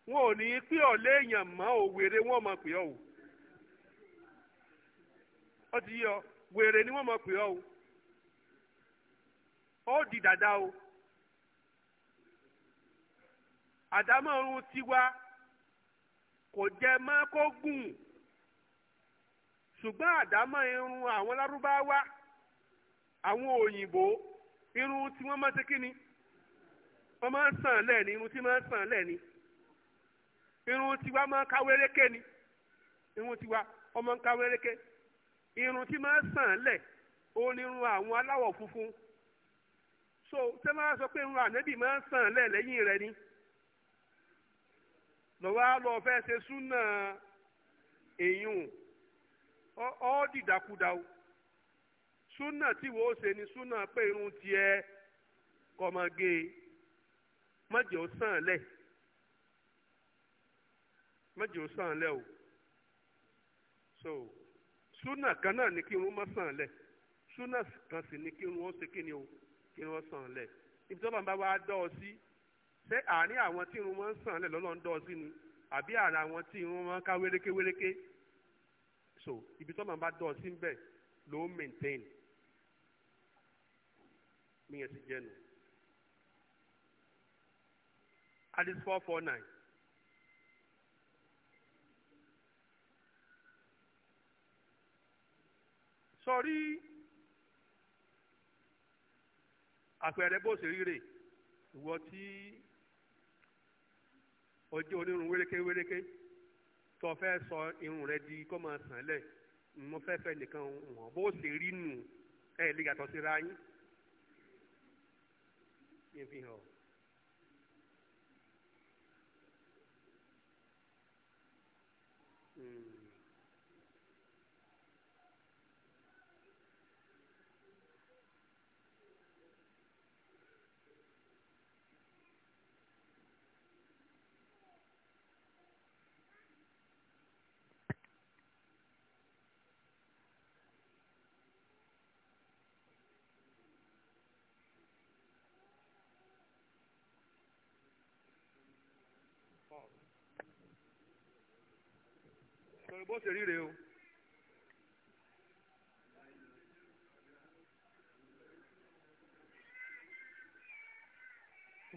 wọn ò ní pé ọ̀lẹ́ èèyàn mọ́ ò wèrè wọn mọ̀ pé ọ̀ o ti yọ wèrè ni wọ́n mọ̀ pé ọ̀ o ó di dada o ti tiwa. kò jẹ mọ́ kó gùn ṣùgbọ́n àdámọ́ irun àwọn lárúbáwá àwọn òyìnbó irun tí wọ́n máa ṣe kí ni wọ́n máa ń sàn lẹ́ni irun tí máa ń sàn lẹ́ni irun tiwa máa ń káwéréké ni irun tiwa ọmọ ń káwéréké irun tí máa ń sàn lẹ̀ òun àwọn aláwọ̀ funfun so tẹ́lẹ̀ wá sọ pé irun ànẹ́bì máa ń sàn lẹ̀ lẹ́yìn rẹ̀ ni lọ́wọ́ á lọ fẹ́ ṣe súnà èyún ọ́ dìdàkudà o súnà tí wò ó ṣe ni súnà pé irun tiẹ̀ kọ́mọge mọ̀jẹ̀ ó sàn lẹ̀ mọ̀jẹ̀ ó sàn lẹ̀ o so súnà kan náà ni kí irun mọ́ sàn lẹ̀ súnà kan sì ni kí irun ó ṣe kí ni o kí irun ó sàn lẹ̀ ibi tó bá ń bá wa dọ́ ọ sí. Si ṣé àárín àwọn tí irun wọn ń sàn lẹ̀ lọ́lọ́ńdọ́ sí ni àbí àárín àwọn tí irun wọn ká wéréké wéréké so ibi tọ́lọ̀ bá dọ̀ sí bẹ́ẹ̀ ló ń maintain níyẹn ti jẹ́ nu. four four nine. sọrí àpẹẹrẹ bó ṣe rí rè ìwọ tí ọjọ́ onírun wéréké wéréké tó fẹ́ sọ irun rẹ di kó máa sàn lẹ̀ mo fẹ́ fẹ́ nìkan wọ̀n bó ṣe rí nù ẹ̀ lè yàtọ̀ síra yín. yẹn fi hàn ọ́. ọ̀rọ̀ bó ṣe ríre o.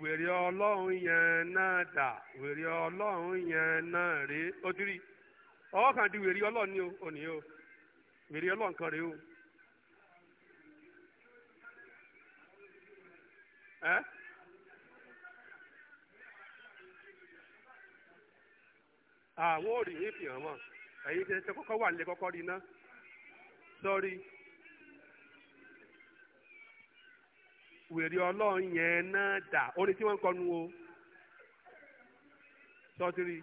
wèrè ọlọ́run yẹn náà dà wèrè ọlọ́run yẹn náà rè é ó ọwọ́ kan di wèrè ọlọ́run ni o òní o wèrè ọlọ́run kan rè o. àwọn ò fi hàn mọ́. èyí tẹ́ kọ́kọ́ wà nílé kọ́kọ́ ná sọ́rí wèrè ọlọ́run yẹn náà dà orin tí wọ́n kọ kọnu o sọ́tìrì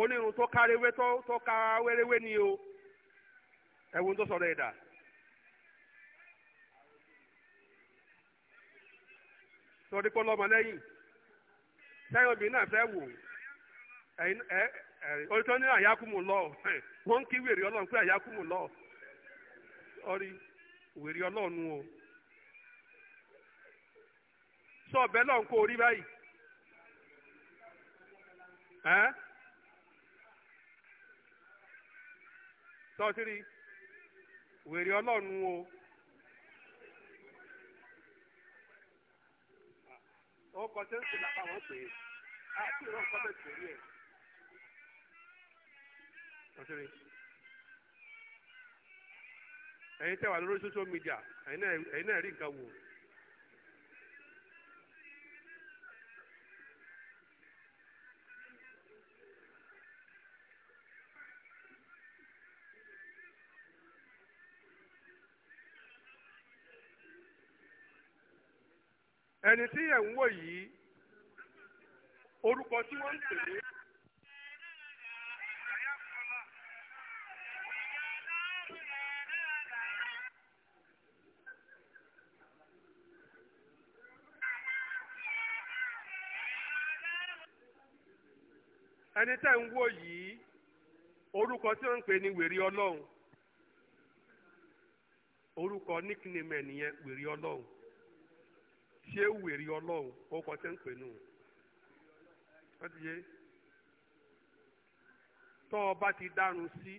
onírun tó kárewé tó ká o ẹ̀wọ̀n tó sọ̀rọ̀ ẹ̀dà. sọ́dí lẹ́yìn obìnrin náà wò orí tó ní àyákùmù lọ wọ́n kí wèrè ọlọ́run pé àyákùmù lọ orí wèrè o sọ báyìí wèrè o ó kọ́ sẹ́ńsì làbáwọ̀ pé á kí ìrọ̀ nǹkan bẹ̀ tẹ̀lé ẹ̀. lọ́sẹ̀rẹ̀ ẹ̀yin tẹ́ wà lórí social media ẹ̀yin náà rí nǹkan wò. ẹni tí ẹ̀ ń wò yìí orúkọ tí wọ́n ń pè é ẹni tẹ́ ń wò yìí orúkọ tí wọ́n ń pè ní wèrè ọlọ́run orúkọ nickname ẹ̀ nìyẹn wèrè ọlọ́run ṣé wèrè ọlọ́run orúkọ tí wọ́n ń pè nù wọ́n ti yé tọ́ ọ bá ti dárun sí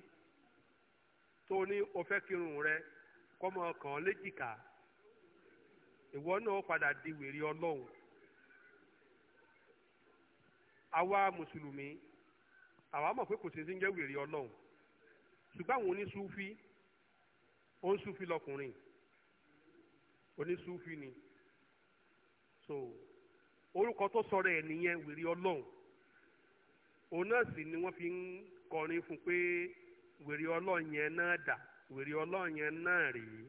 tó ní o fẹ́ kírun rẹ kọ́mọ léjìká padà di wèrè ọlọ́run àwa mùsùlùmí àwa mọ̀ pé kò sí ń jẹ́ wèrè ọlọ́run ṣùgbọ́n àwọn oníṣúfí ó lọkùnrin oníṣúfí ni so orúkọ tó sọ̀rọ̀ ẹ̀ nìyẹn wèrè ọlọ́run òun náà sì ni wọ́n fi ń kọrin fún pé wèrè ọlọ́run yẹn náà dà wèrè ọlọ́run yẹn náà rèé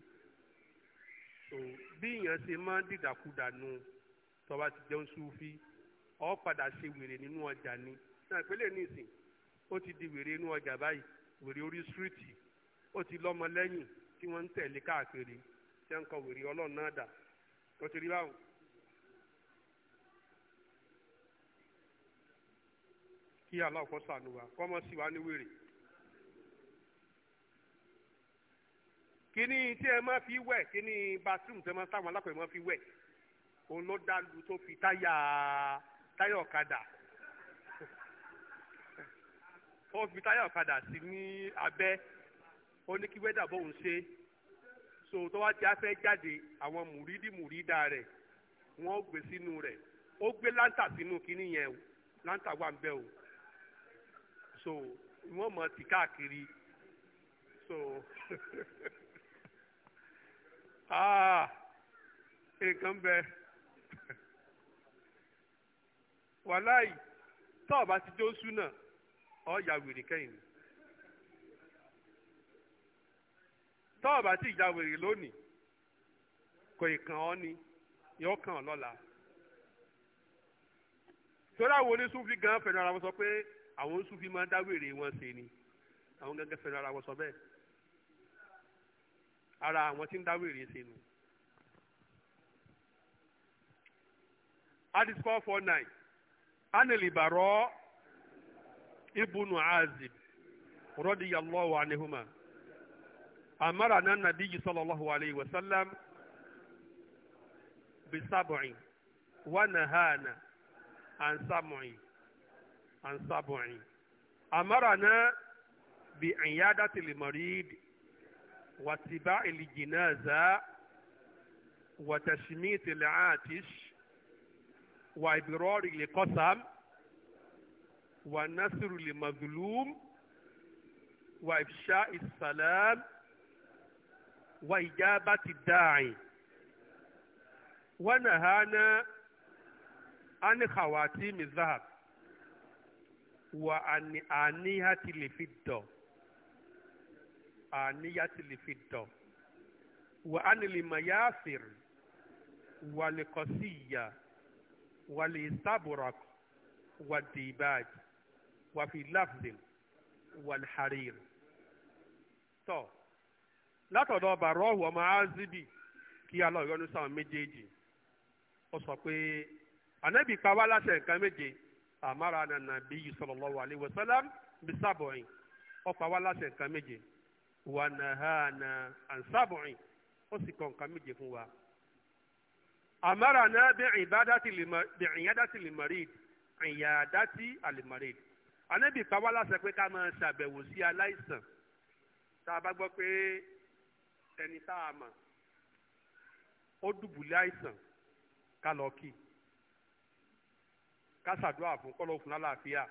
so bí èèyàn ṣe máa ń dìdàkudà nu tó bá ti jẹun ṣúfí ó padà ṣe wèrè nínú ọjà ni náà ìpínlẹ̀ nísìnyí. ó ti di wèrè inú ọjà báyìí wèrè orí síríìtì ó ti lọ́mọ lẹ́yìn tí wọ́n ń tẹ̀lé káàkiri tí wọ́n ń kọ wèrè ọlọ́run náà dà ó ti rí báwọn. kí aláwọ̀ kọ́ sànù wa kọ́ mọ́ sí wa ní wèrè. kíní tí ẹ máa fi wẹ̀ kíní bathroom tí ẹ máa táwọn alákọ̀ọ́ máa fi wẹ̀ òun ló dá lu tó fi táyà táyà ọ̀kadà ó fi táyà ọ̀kadà sí ní abẹ́ ó ní kí wẹ́dà bóun ṣe so tó wá ti afẹ́ jáde àwọn mùrídì mùrídà rẹ̀ wọ́n gbé sínú rẹ̀ ó gbé láńtà sínú kínní yẹn o wà ń bẹ́ o so wọ́n mọ̀ ti káàkiri so ah, nǹkan bẹ wàláì tọ́ọ̀ bá ti jó sùn náà. ọ̀ya wèrè kẹ́yìn ni tọ́ọ̀bà tí ìjà wèrè lónìí kò ì ọ ọ́ ni yóò kàn ọ lọ́la torí àwọn onísúfì gan fẹ̀rẹ̀ ara wọn sọ pé àwọn onísúfì máa ń dá wèrè wọn ṣe ni àwọn gẹ́gẹ́ fẹ̀rẹ̀ ara wọn sọ bẹ́ẹ̀ ara àwọn tí ń dá wèrè ṣe nù. hadith four four nine anil ibaro ibnu azib radiyallahu anihuma amarana nabiyyu sallallahu alayhi wa sallam bisab'in wa nahana an sab'in an sab'in amarana bi iyadati al-marid wa tiba'i al-jinaza wa tashmit al-atish wa ibrari al-qasam wà násìrù lè mazlum wà ìfṣà ìsàlám wà ìjábá ti dáàyìn wà nàhánà ani khawati mi zahab wà àníyàtì lè fi dọ̀ àníyàtì lè fi dọ̀ wà ánìlè mayásìr wà lè kọ́síyà wà lè sábùràkù wà dìbàjì wàfi láfdìn wàlhàrìr tọ́ látọ̀dọ̀ bàrọ́ọ̀hù ọmọ azibi kí alọ́ yọ́nú sáwọn méjèèjì ó sọ pé ànábì pa wá láṣẹ nǹkan méje àmàrà nànà bíyì sallallahu alaihi wasallam bisábọ̀yìn ó pa wá láṣẹ nǹkan méje wà nàhánà ànsábọ̀yìn ó sì kọ nǹkan méje fún wa. àmàrà náà bí ìyádátì lè mọ̀rìd ìyádátì àlè mọ̀rìd ànábì pa wá láṣẹ pé ká máa ṣàbẹ̀wò sí aláìsàn tá a bá gbọ́ pé ẹni tá a mọ̀ ó dùbúlẹ̀ àìsàn ká lọ kí ká ṣàdúrà fún kọ́ ló fún lálàáfíà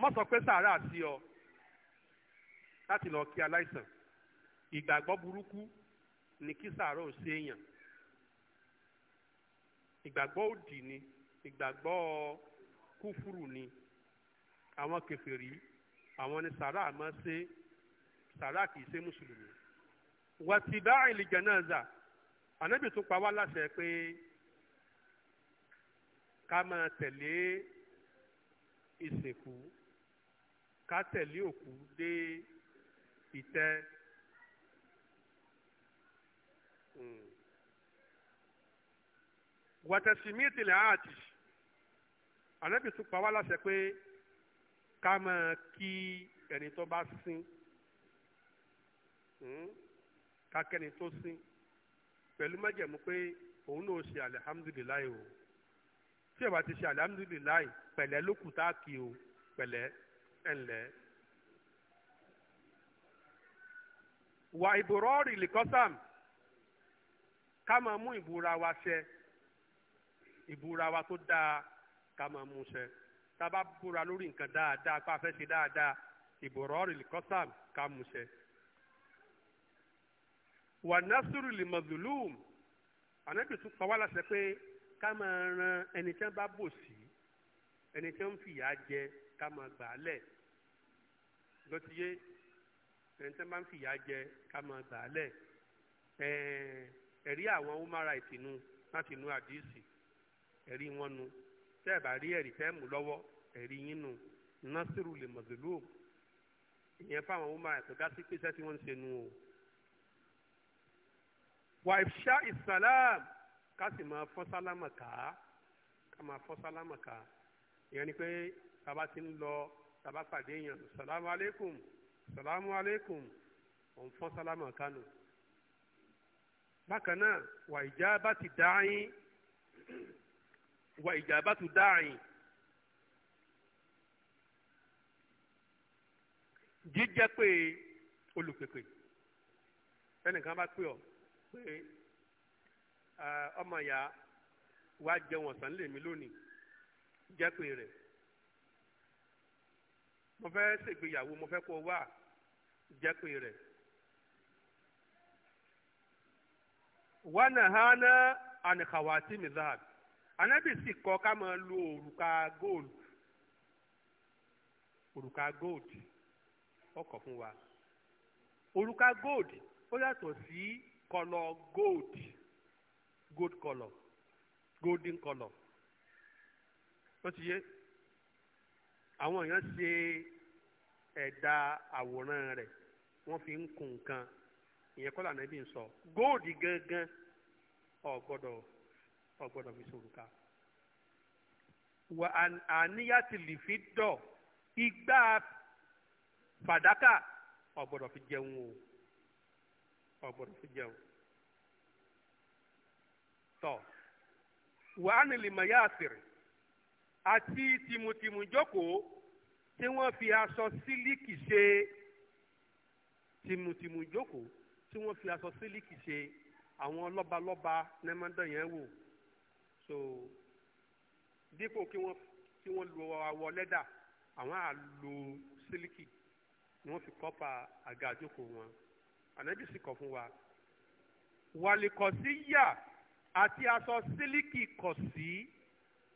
má sọ pé sàárà sí ọ láti lọ kí aláìsàn ìgbàgbọ́ burúkú ni kí sàárà ò sí èèyàn ìgbàgbọ́ òdì ni ìgbàgbọ́ kúfúrú ni àwọn kèfèrí àwọn ni sàrà àmọ́ ṣe sàrà kìí ṣe mùsùlùmí. wàtíbá àìlì jẹnáza ànábì tún pa wá láṣẹ pé ká máa tẹ̀lé ìsìnkú ká tẹ̀lé òkú dé ìtẹ́. Hmm. wàtẹ̀símìtì lẹ́hàtì ànábì tún pa wá láṣẹ pé ká máa kí ẹni tó bá sín hmm, kákẹ́ni tó sín pẹ̀lú májẹ̀mú pé òun náà ṣe alihamudulilayi o tí ẹ bá ti ṣe alihamudulilayi pẹ̀lẹ́ ló kù tá a kì o pẹ̀lẹ́ ẹ̀ńlẹ́. wà ìbòrọ́ọ̀rì lìkọ́sàm ká máa mú ìbúra wa ṣẹ ìbúra wa tó dáa ká máa mú ṣẹ. Taba a bá búra lórí nǹkan dáadáa pa afẹ́ ṣe dáadáa ìbọ̀rọ̀ rìlìkọ́sàm ká múṣẹ. wà násùrù lè mọ̀dùlùm ànábì tún pa wá láṣẹ pé ká máa ran ẹni tí wọ́n bá bò sí ẹni tí wọ́n fìyà jẹ ká máa gbà á lẹ̀ lọ́tíyé ẹni tí wọ́n bá ń fìyà jẹ ká máa gbà á lẹ̀ ẹ̀rí àwọn human rights láti nu àdìsí ẹ̀rí wọn nu tẹ́ ẹ̀ bá rí ẹ̀rí fẹ́ mú lọ́wọ́ ẹ̀rí yín nu nasiru lè mọ̀dúlù ìyẹn fáwọn ọmọ ẹ̀tọ́ dá sí pèsè tí wọ́n ń ṣe nu o. wàìfṣà ìsàlám ká sì máa fọ́ sálámà ká ká máa fọ́ sálámà ká ìyẹn ni pé bàbá ti ń lọ bàbá pàdé èèyàn sàlámù aleykum sàlámù aleykum òun fọ́ sálámà kánò. bákan náà wàìjà bá ti dá yín wa ìjàbátú dáàyìn jíjẹ́ pé olùpèpè ẹnìkan bá pè ọ́ pé ọmọ ìyá wa jẹun ọ̀sán lèmi lónìí jẹ́ pé rẹ̀ mo fẹ́ ṣègbéyàwó mo fẹ́ kó wá jẹ́ pé rẹ̀. wana hana an khawatimi dhahab anábì sì kọ́ ká máa lo òrùka gold òrùka gold ọkọ̀ fún wa òrùka gold ó yàtọ̀ sí kọlọ gold gold kọlọ golden kọlọ ó ti yé àwọn èèyàn ṣe ẹ̀dà àwòrán rẹ̀ wọ́n fi ń kun nǹkan ìyẹn kọ́lá nàbí ń sọ góòdì gangan ò gbọ́dọ̀ ọgbọ́dọ̀ fi sòrùka. wà àníyàtì lè fi dọ̀ igbá fàdákà ọgbọ́dọ̀ fi jẹun o ọgbọ́dọ̀ fi jẹun. tọ́ wà á nílì mọ̀ yáàsìrì àti tìmùtìmù jókòó tí wọ́n fi aṣọ sílíkì ṣe tìmùtìmù jókòó tí wọ́n fi aṣọ sílíkì ṣe àwọn lọ́balọ́ba nẹ́mọ́dọ̀ yẹn wò so dípò kí wọ́n kí wọ́n lo awọ lẹ́dà àwọn á lo sílíkì ni wọ́n fi kọ́pa àga àjókòó wọn ànábì sì kọ́ fún wa wàlìkọ̀sí yà àti aṣọ sílíkì kọ̀sí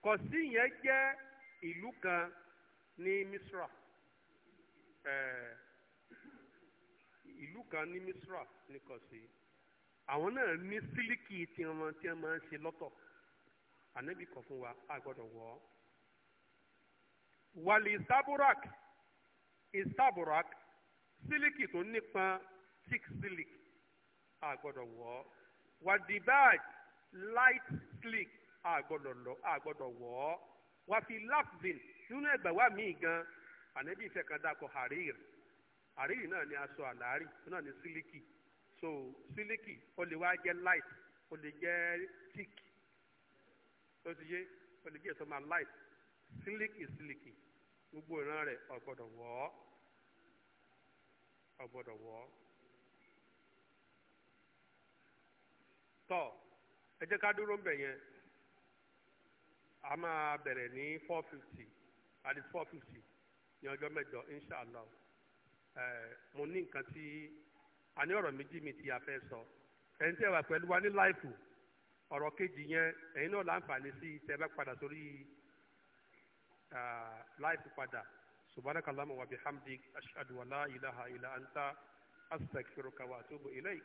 kọ̀sí yẹn jẹ́ ìlú kan ní Misra ẹ̀ẹ́ ìlú kan ní Misra ní kọ̀sí àwọn náà ní sílíkì tí wọ́n ti máa ń ṣe lọ́tọ̀ ànábì kọ̀ fún wa a gbọ́dọ̀ wọ̀ ọ́. wàlì ìsábúrak ìsábúrak sílíkì tó nípọn thick silk a gbọ́dọ̀ wọ̀ ọ́. light slick a gbọ́dọ̀ lọ a gbọ́dọ̀ wọ̀ ọ́. wàfi lafzin nínú ẹgbà wa míì gan ànábì ìfẹ́ kan dákọ̀ harir harir náà ni aṣọ àlárì náà ni sílíkì so siliki ó lè wá jẹ́ light ó lè jẹ́ thick ó ti yé olùgbé tó máa láì sílíkì sílíkì gbogbo ìran rẹ̀ ọ̀gbọ́dọ̀ wọ̀ ọ́ ọ̀gbọ́dọ̀ wọ̀ ọ́. tọ́ ẹ jẹ́ ká dúró ń a máa bẹ̀rẹ̀ ní four fifty four fifty ní ọjọ́ mẹ́jọ inshallah ẹ mo ní nǹkan tí a ní ọ̀rọ̀ méjì mi ti a sọ ẹni pẹ̀lú wa ọ̀rọ̀ kejì yẹn ẹ̀yin náà láǹfààní sí tẹ́ bá padà sórí láìpẹ́ padà subhanaka allahumma wa bihamdik ashhadu an la ilaha illa anta astaghfiruka wa atubu ilayk.